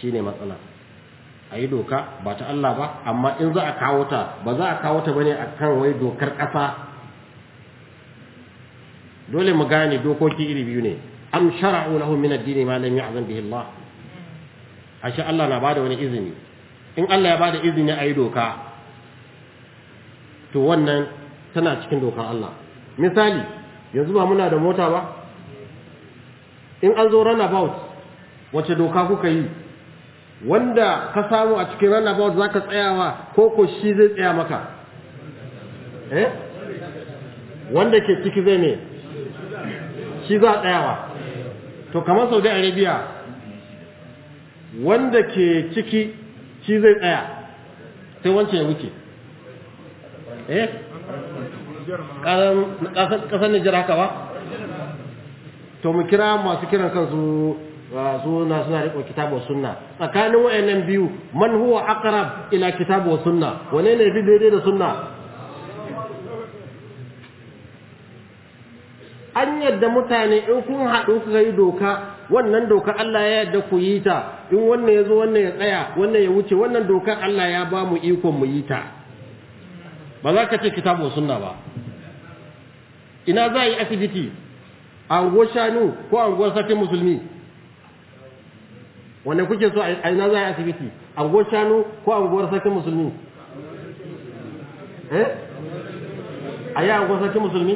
shine matsala ayi doka ba ta Allah ba amma in za a kawo ta ba za a kawo ta bane akan wai dokar kasa dole mu gane dokoki iri biyu ne am shara'u lahu min ad-din ma lam ya'zam bihi Allah ashe Allah na bada wani izini in Allah ya bada izini a doka to wannan tana cikin dokar Allah misali yanzu ba muna da mota ba in an zo runabout wace doka kuka yi wanda ka samu a cikin runabout za ka tsayawa ko ko shi zai tsaya maka eh wanda ke ciki zai ne shi za a tsayawa to kamar saudi arabia wanda ke ciki shi zai tsaya sai wancan ya wuce eh ƙasar nijar haka ba to mu kira masu kiran kansu suna suna riƙo kitabu wa sunna tsakanin wayannan biyu man huwa aqrab ila kitabu wa sunna wane ne bi daidai da sunna an yadda mutane in kun haɗu kuka yi doka wannan doka Allah ya yadda ku yi ta in wannan ya zo wannan ya tsaya wannan ya wuce wannan doka Allah ya ba mu ikon mu yi ta ba za ka ce kitabu wa sunna ba ina za a yi asibiti a unguwar shanu ko a unguwar musulmi wanne kuke so a ina za a asibiti a anguwar shanu ko a anguwar sarkin musulmi eh a yi anguwar sarkin musulmi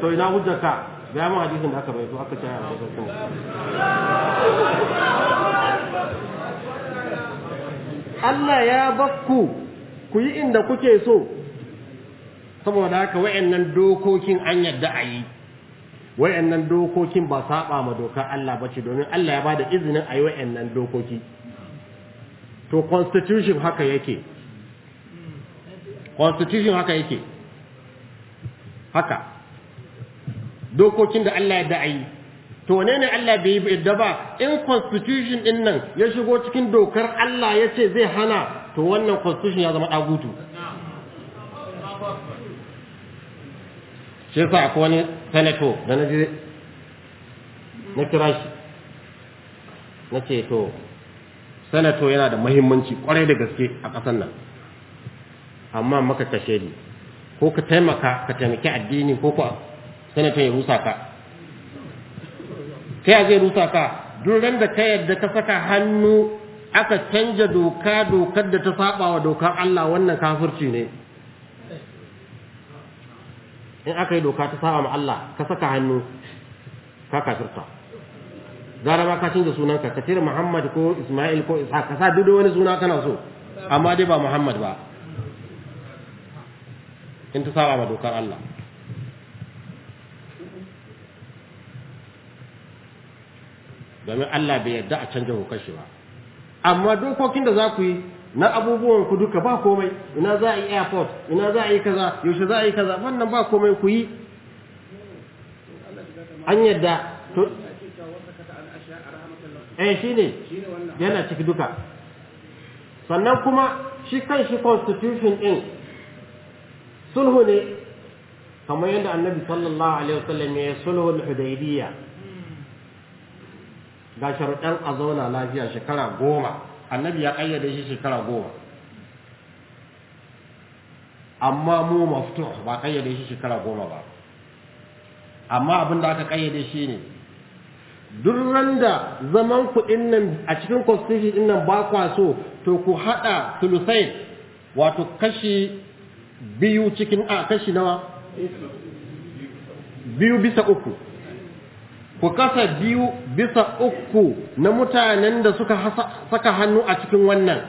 to ina hujjar ka ga mun hadisin da aka bai so aka ce a anguwar sarkin Allah ya bakku ku yi inda kuke so saboda haka nan dokokin an yadda a yi wayannan dokokin ba saba ma dokar Allah bace domin Allah ya bada izinin ayi wayannan dokoki to constitution haka yake constitution haka yake haka dokokin da Allah ya ayi, to ne ne Allah bai yi da ba in constitution din nan ya shigo cikin dokar Allah ya ce zai hana to wannan constitution ya zama dagutu shi yasa akwai wani senator da na je na kira shi na ce to senator yana da mahimmanci kwarai da gaske a ƙasar nan amma maka kashe ni ko ka taimaka ka taimaki addini ko kuwa senator ya rusa ka ta ya zai rusa ka ran da ka yadda ka saka hannu aka canja doka dokar da ta saba wa dokar Allah wannan kafirci ne in aka yi doka ta saba ma Allah ka saka hannu ka kafirta zara ma ka canza sunanka ka cire Muhammad ko Ismail ko Isa ka sa duk wani suna kana so amma dai ba Muhammad ba in ta saba ma dokar Allah domin Allah bai yarda a canja hukunci ba amma dokokin da za ku yi na abubuwan ku duka ba komai ina za a yi airport ina za a yi kaza yaushe za a yi kaza wannan ba komai ku yi an yadda to eh shine yana ciki duka sannan kuma shi kan shi constitution din sulhu ne kamar yadda annabi sallallahu alaihi wasallam ya sulhu al-hudaybiyya ga sharuɗan a zauna lafiya shekara goma annabi ya kayyade shi shekara goma amma mu maftuh ba kayyade shi shekara goma ba amma abin da aka kayyade shi ne duk randa zaman kuɗin nan a cikin constitution din nan ba kwa so to ku haɗa sulusai wato kashi biyu cikin a kashi nawa biyu bisa uku ku kasa biyu bisa uku na mutanen da suka saka hannu a cikin wannan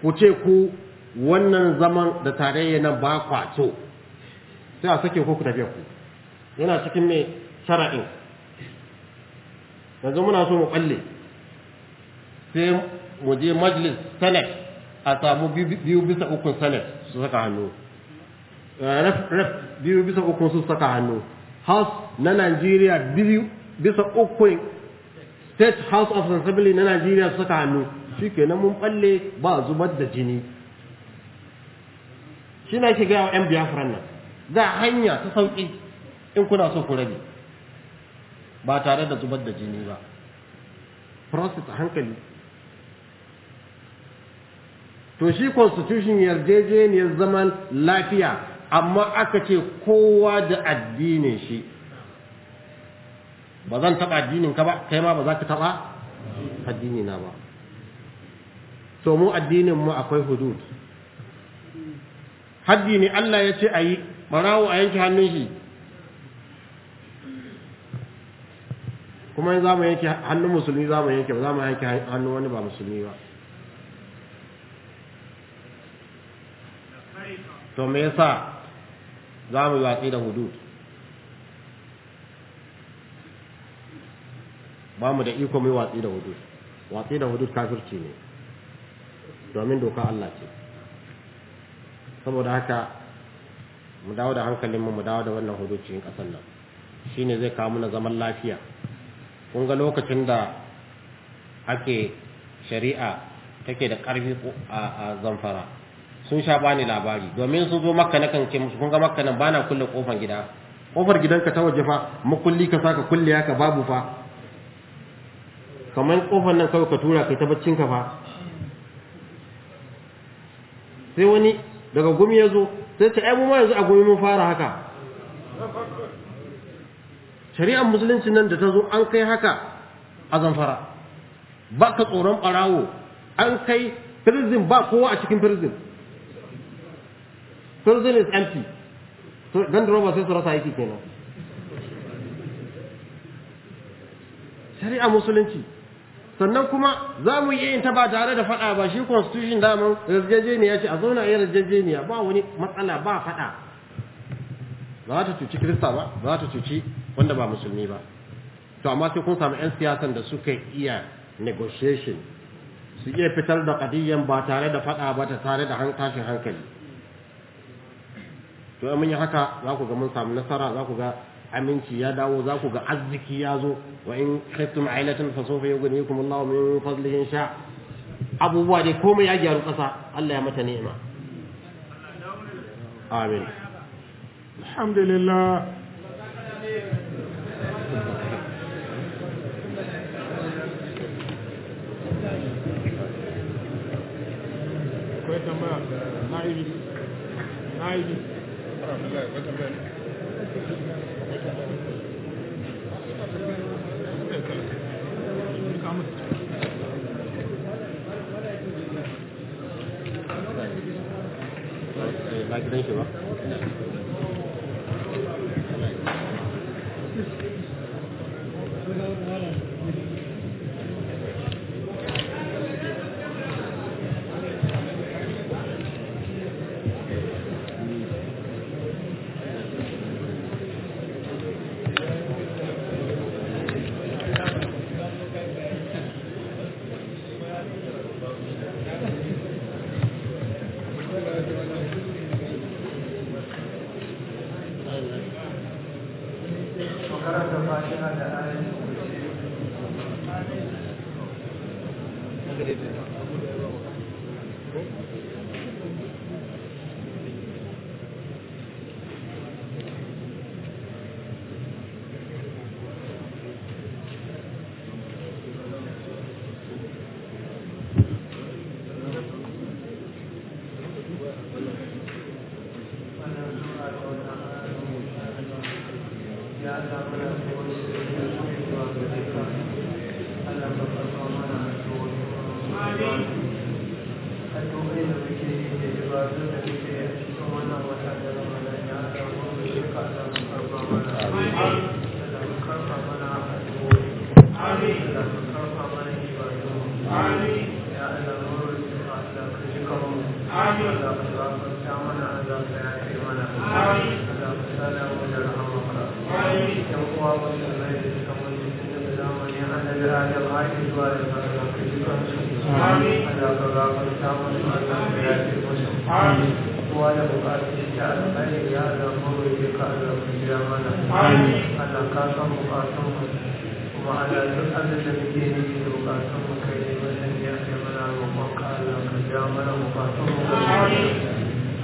ku ce ku wannan zaman da tarayya nan ba kwato sai a sake ku ku tafiya ku yana cikin mai shara'in yanzu muna so mu balle sai mu je majlis senate a samu biyu bisa ukun senate su saka hannu eh, ref biyu bisa ukun su saka hannu house na Najeriya biyu bisa ukun state house of assembly na Najeriya su saka hannu shikenan mun balle ba zubar da jini shi na shiga wa 'yan biafran nan ga hanya ta sauƙi in kuna so ku rabi ba tare da zubar da jini ba process hankali to shi constitution yarjejeniyar zaman lafiya amma aka ce kowa da addinin shi ba zan taɓa addinin ka ba kai ma ba za ka taɓa addini na ba to mu addinin mu akwai hudud haddi ne Allah ya ce a yi barawo a yanke hannun shi kuma za zama yanke hannun musulmi za mu yanke ba Za mu yanke hannun wani ba musulmi ba to me yasa za mu yaƙi da hudud ba mu da iko mai watsi da hudud watsi da hudud kafirci ne domin doka Allah ce saboda haka mu dawo da hankalinmu mu dawo da wannan hudud cikin ƙasar nan shine zai kawo mana zaman lafiya kun ga lokacin da ake shari'a take da ƙarfi a zamfara sun sha bani labari domin sun zo makka na kanke musu kun ga makka nan bana kulle kofar gida kofar gidanka ta waje fa makulli ka saka kulle ka babu fa kamar kofar nan kawai ka tura kai ta baccin ka fa sai wani daga gumi ya zo sai ce ai ma yanzu a gumi mun fara haka shari'ar musulunci nan da ta zo an kai haka a zamfara ba ka tsoron barawo an kai prison ba kowa a cikin prison prison is empty don roba sai su rasa aiki kenan shari'a musulunci sannan kuma za mu iya yin ta ba tare da faɗa ba shi constitution damar yarjejeniya ce a zauna a yi yarjejeniya ba wani matsala ba faɗa ba ta cuci kirista ba za ta cuci wanda ba musulmi ba to amma sai kun samu 'yan siyasan da suka iya negotiation su iya fitar da kadiyyan ba tare da faɗa ba ta tare da tashin hankali to mun yi haka za ku ga mun samu nasara za ku ga aminci ya dawo za ku ga arziki ya zo wa in khiftum ailatan fa sawfa yughnikum Allahu min fadlihi insha abubuwa dai komai ya gyaru kasa Allah ya mata ni'ima amin alhamdulillah Akwai tambaya na ibi, na ibi, ba gidan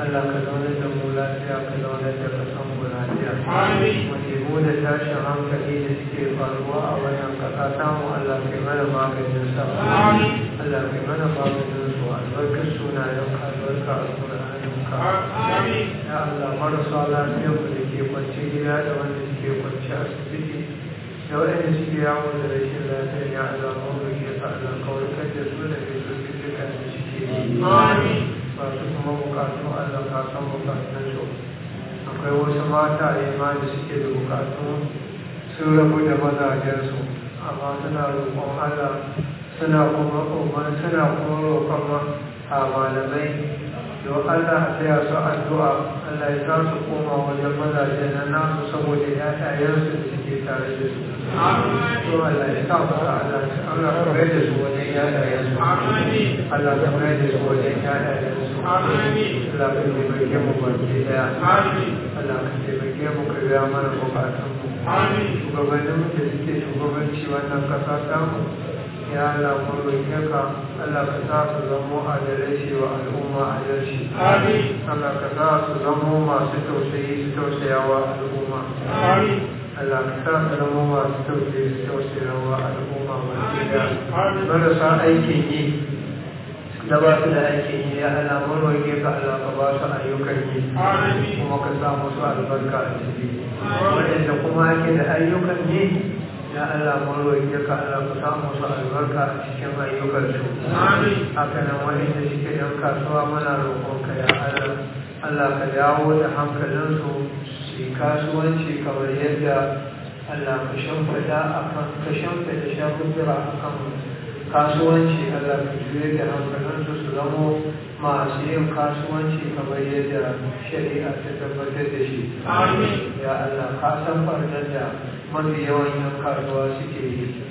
Allah ka zaune da mu lafiya ka zaune da kasan mu lafiya. Amin. rigingimu da tashin hankali da suke faruwa a wannan ƙasa samu Allah kai mana maganin sa Allah kai mana maganin su albarkar sunayen ka albarka ka ya Allah marasa lafiyar ku da ke kwance gida da wanda suke kwance asibiti da waɗanda suke yawon da rashin lafiyar ya Allah mawuyi ya sa Allah kawai kan da su da ke cututtuka da suke yi masu kuma bukatu Allah ka san bukatun su akwai wasu mata ma da suke da bukatu sun rabu da mazajensu amma suna roƙon allah suna kuma roƙon malamai don allah a taya su addu'a allah ya za su koma wajen mazaje na nasu saboda ‘ya'yayensu da suke tare da su allah ya sa musu adalci allah ka mai da su wajen allah ka mai da su wajen ‘ya'yayensu allah ka taimake mu baki daya allah ka taimake mu ka biya mana bukatun mu shugabannin da suke shugabanci wannan kasa samu ya Allah mun Allah ka sa su zamo a adalci wa al'umma a amin Allah ka sa su zamo masu tausayi su tausayawa al'umma Allah ka sa su zamo masu tausayi su tausayawa al'umma mai gida marasa aikin yi da ba su da aikin yi ya Allah mun roƙe ka Allah ka ba su ayyukan yi kuma ka sa musu albarka a ciki wanda kuma ake da ayyukan yi ya Allah mun roƙe ka Allah ku samu su albarka a cikin ayyukansu haka nan waɗanda suke yan kasuwa muna roƙon ka ya Allah Allah ka dawo da hankalinsu su kasuwanci kamar yadda Allah ka shimfiɗa a kan ka shimfiɗa shagudura a kan kasuwanci Allah ka juye da su zamo masu yin kasuwanci kamar yadda shari'a ta tabbatar da shi ya Allah ka san farnar da mafi yawan yan kasuwa suke yi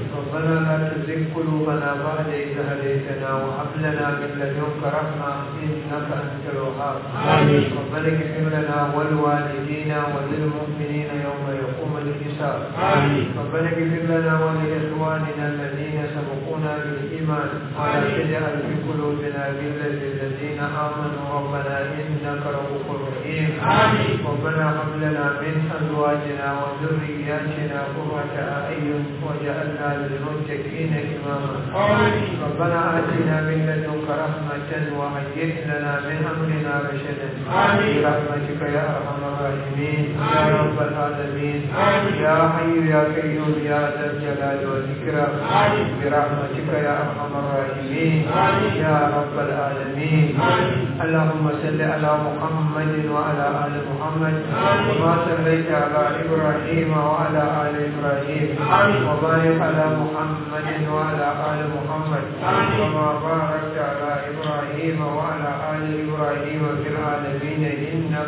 ربنا لا تزغ قلوبنا بعد إذ هديتنا وهب لنا من لدنك رحمة إنك أنت الوهاب ربنا اغفر لنا ولوالدينا وللمؤمنين يوم يقوم الحساب ربنا اغفر لنا ولإخواننا الذين سبقونا بالإيمان ولا تجعل في قلوبنا غلا للذين آمنوا ربنا إنك رؤوف الرحيم آمين ربنا هب لنا من أزواجنا وذرياتنا قرة أعين وجعلنا للمتقين إماما آمين ربنا آتنا من لدنك رحمة وهيئ لنا من أمرنا رشدا آمين برحمتك يا أرحم الراحمين يا رب العالمين يا حي يا قيوم يا ذا الجلال والإكرام برحمتك يا أرحم الراحمين يا رب العالمين اللهم صل على محمد وعلى وعلى آل محمد كما صليت على إبراهيم وعلى آل إبراهيم وبارك على محمد وعلى آل محمد كما باركت على إبراهيم وعلى آل إبراهيم في العالمين إنك